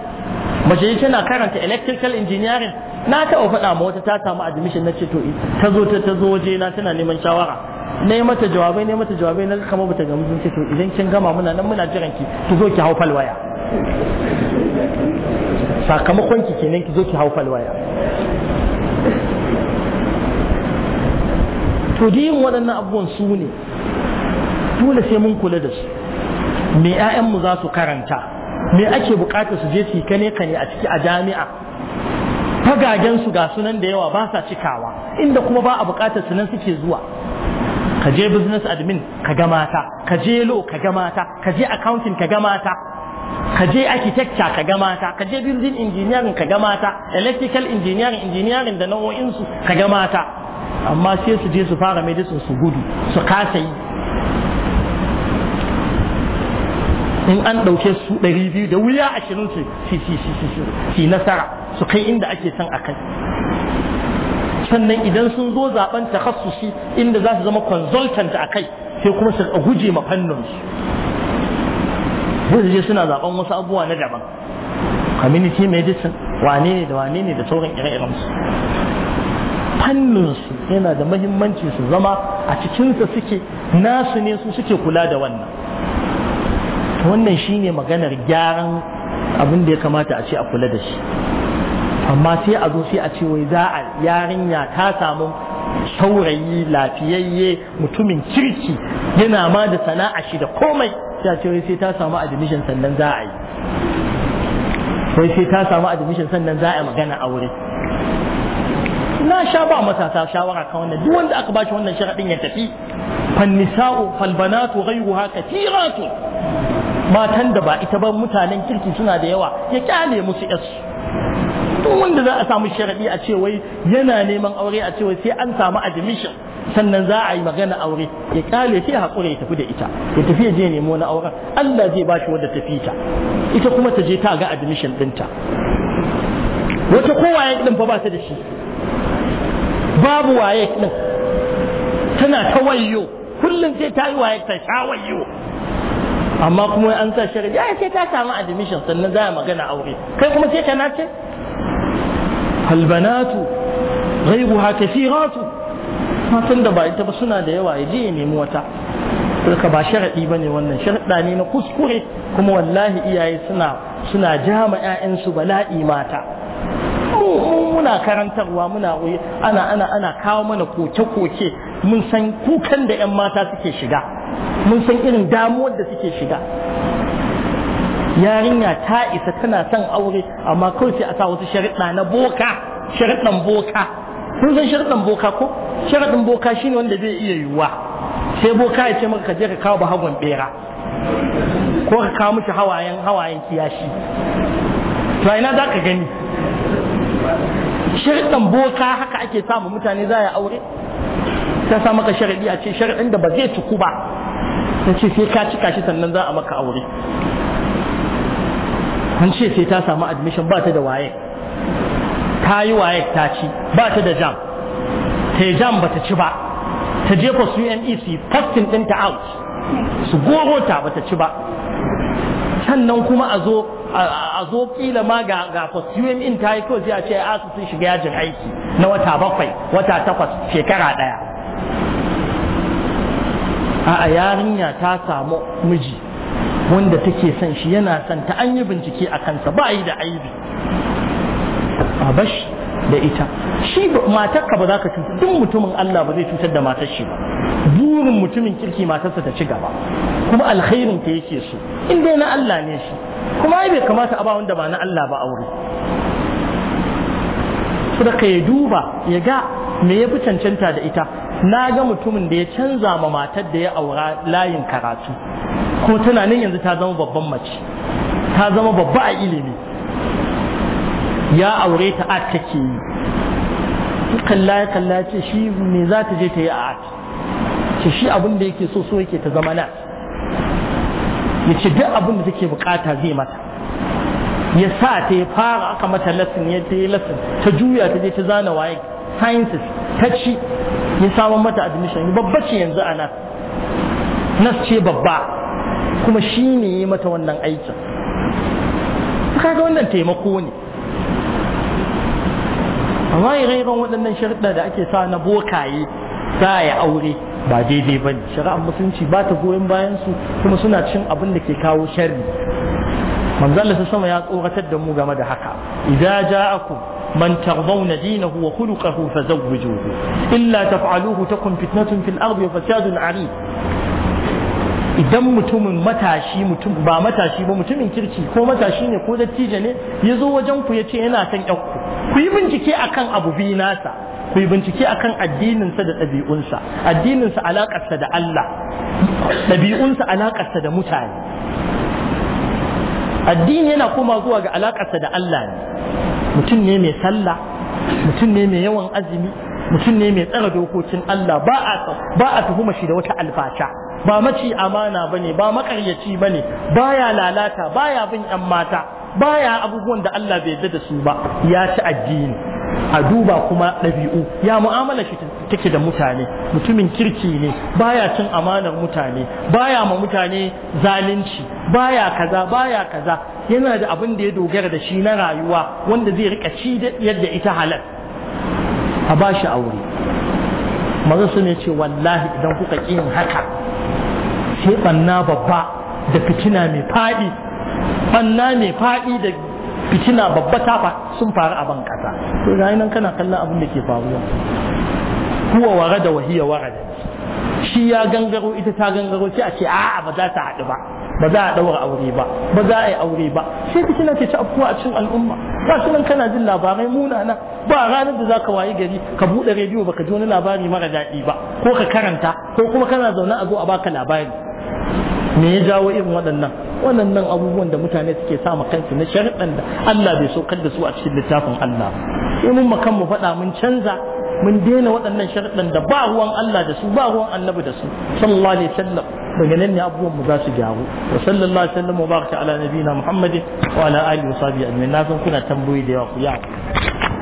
mace tana karanta electrical engineering na taɓa faɗa ma wata ta samu admission na ceto to ta zo ta zo waje na tana neman shawara na yi mata jawabai na yi mata jawabai na kama bata gamu sun ce to idan kin gama muna nan muna jiran ki ki zo ki hau falwaya sakamakon ki kenan ki zo ki hau falwaya to da yin waɗannan abubuwan su ne dole sai mun kula da su me 'ya'yanmu za su karanta me ake bukatar su je su kane kane a ciki a jami'a fagagen su ga sunan da yawa ba sa cikawa inda kuma ba a bukatar sunan suke zuwa ka je business admin ka ga mata ka je law ka ga mata ka je accounting ka ga mata ka je architecture ka ga mata ka je building engineering ka ga mata electrical engineering engineering da nau'o'in su ka ga mata amma sai su je su fara medicine su gudu su kasa yi in an ɗauke su ɗari biyu da wuya ashirin su si nasara su kai inda ake son a kai sannan idan sun zo zaben takhassusi inda za su zama consultant a kai sai kuma su guje ma fannin su je suna zaben wasu abubuwa na daban community medicine wane ne da wane ne da sauran ire-iren su fannin su yana da mahimmanci su zama a cikinsa suke nasu ne su suke kula da wannan wannan shine maganar gyaran abin da ya kamata a ce a kula da shi amma sai a zo sai a ce wai za a yarinya ta samu saurayi lafiyayye mutumin kirki yana ma da sana'a shi da komai sai a ce wai sai ta samu admission sannan za a yi wai sai ta samu admission sannan za a yi magana aure na sha ba matasa shawara kan wannan duk wanda aka bashi wannan sharaɗin ya tafi فالنساء فالبنات غيرها كثيرات matan da ba ita ba mutanen kirki suna da yawa ya kyale musu yasu duk wanda za a samu sharadi a ce wai yana neman aure a ce wai sai an samu admission sannan za a yi magana aure ya kyale sai hakuri ya tafi da ita ya tafi ya je nemo na auren Allah zai ba shi wadda tafi ta ita kuma ta je ta ga admission dinta wata kowa ya fa ba ta da shi babu waye tana ta wayo kullum sai ta yi waye ta sha wayo amma kuma an sa shari'a ya sai ta samu admission sannan za a magana aure kai kuma sai nace. Albanatu halbanatu ghaibuha kathiratu matan da ba ita ba suna da yawa ya je ya nemi wata ka ba sharaɗi ba ne wannan sharaɗa ne na kuskure kuma wallahi iyaye suna suna jama 'ya'yansu bala'i mata muna karantarwa muna ana ana ana kawo mana koke-koke mun san kukan da 'yan mata suke shiga mun san irin damuwar da suke shiga yarinya ta isa tana son aure amma kawai sai a sa wasu sharaɗa na boka sharaɗan boka kun san sharaɗan boka ko sharaɗin boka shine wanda zai iya yiwuwa sai boka ya ce maka ka je ka kawo bahagon bera ko ka kawo mishi hawayen hawayen kiyashi to ina za ka gani sharaɗan boka haka ake samu mutane za a aure ta sa maka sharadi a ce sharadin da ba zai cuku ba ta ce sai ka cika shi sannan za a maka aure an ce sai ta samu admission ba ta da waye ta yi waye ta ci ba ta da jam ta yi jam ba ta ci ba ta jefa su UNEC fasting ɗinta out su goro ta ba ta ci ba sannan kuma a zo a zo kila ma ga un UMN ta yi kawai sai a ce a asusun shiga yajin aiki na wata bakwai wata takwas shekara ɗaya a yarinya ta samu miji wanda take son shi yana son ta an yi bincike a kansa ba yi da aibi a bashi da ita shi matarka ba za ka cutar duk mutumin Allah ba zai cutar da matar shi ba burin mutumin kirki matarsa ta ci gaba kuma alkhairin ta yake so in dai na Allah ne shi kuma ai bai kamata a ba wanda ba na Allah ba aure saboda ka ya duba ya ga me ya fi cancanta da ita na ga mutumin da ya canza ma matar da ya aura layin karatu ko tana nan yanzu ta zama babban mace ta zama babba a ilimi ya aure ta a take yi kalla ya kalla ce shi ne za ta je ta yi a at? ce shi abin da yake so so yake ta zama na ya ce duk abin da take bukata zai mata ya sa ta ya fara aka mata lesson ya ta yi lesson ta juya ta je ta zana waye sciences ta ci ya samun mata admission babba ce yanzu ana nas ce babba kuma shi ne ya mata wannan aikin kaga wannan taimako ne amma ire-iren waɗannan sharuɗa da ake sa na bokaye za a yi aure ba daidai ba ne shari'ar musulunci ba ta goyon bayan su kuma suna cin abin da ke kawo sharri manzon sama ya tsoratar da mu game da haka a ja'akum من ترضون دينه وخلقه فزوجوه إلا تفعلوه تكن فتنة في الأرض وفساد عريض idan mutumin matashi mutum ba matashi ba mutumin kirki ko matashi ne ko dattijo ne ya zo wajen ku ya ce yana son ku ku yi bincike akan abu biyu nasa ku yi bincike akan addininsa da ɗabi'unsa addininsa alaƙarsa da Allah ɗabi'unsa alaƙarsa da mutane addini yana koma zuwa ga alakarsa da Allah ne mutum ne mai sallah mutum ne mai yawan azumi mutum ne mai tsara dokokin Allah ba a ba a tuhuma shi da wata albasha ba maci amana bane ba makaryaci bane baya lalata baya bin yan mata baya abubuwan da Allah bai yarda da su ba ya ci addini a duba kuma ɗabi'u ya mu'amala shi take da mutane mutumin kirki ne baya cin amanar mutane baya ma mutane zalunci baya kaza baya kaza yana da abin da ya dogara da shi na rayuwa wanda zai rika ci yadda ita halal a ba shi aure maza su ne ce wallahi idan kuka ƙi haka sai banna babba da fitina mai faɗi banna mai faɗi da fitina babba ta sun faru a ban kasa to ga nan kana kallon abin da ke faruwa huwa warada wa hiya warada shi ya gangaro ita ta gangaro sai a ce a'a ba za ta haɗu ba ba za a ɗaura aure ba ba za a yi aure ba sai fitina ke ci afkuwa a cikin al'umma ba su nan kana jin labarai munana ba ranar da za ka wayi gari ka buɗe rediyo ka ji wani labari mara daɗi ba ko ka karanta ko kuma kana zaune a zo a baka labari me ya jawo irin waɗannan waɗannan abubuwan da mutane suke sa ma kansu na sharɗan da Allah bai saukar da su a cikin littafin Allah In mun makan mu faɗa mun canza mun daina waɗannan sharɗan da ba ruwan Allah da su ba ruwan annabi da su sallallahu alaihi wasallam daga nan ne abubuwan mu za su gyaru wa sallallahu alaihi wasallam wa baraka ala nabiyina muhammadin wa ala alihi wa sahbihi ajma'in na san kuna tambayoyi da yawa ku ya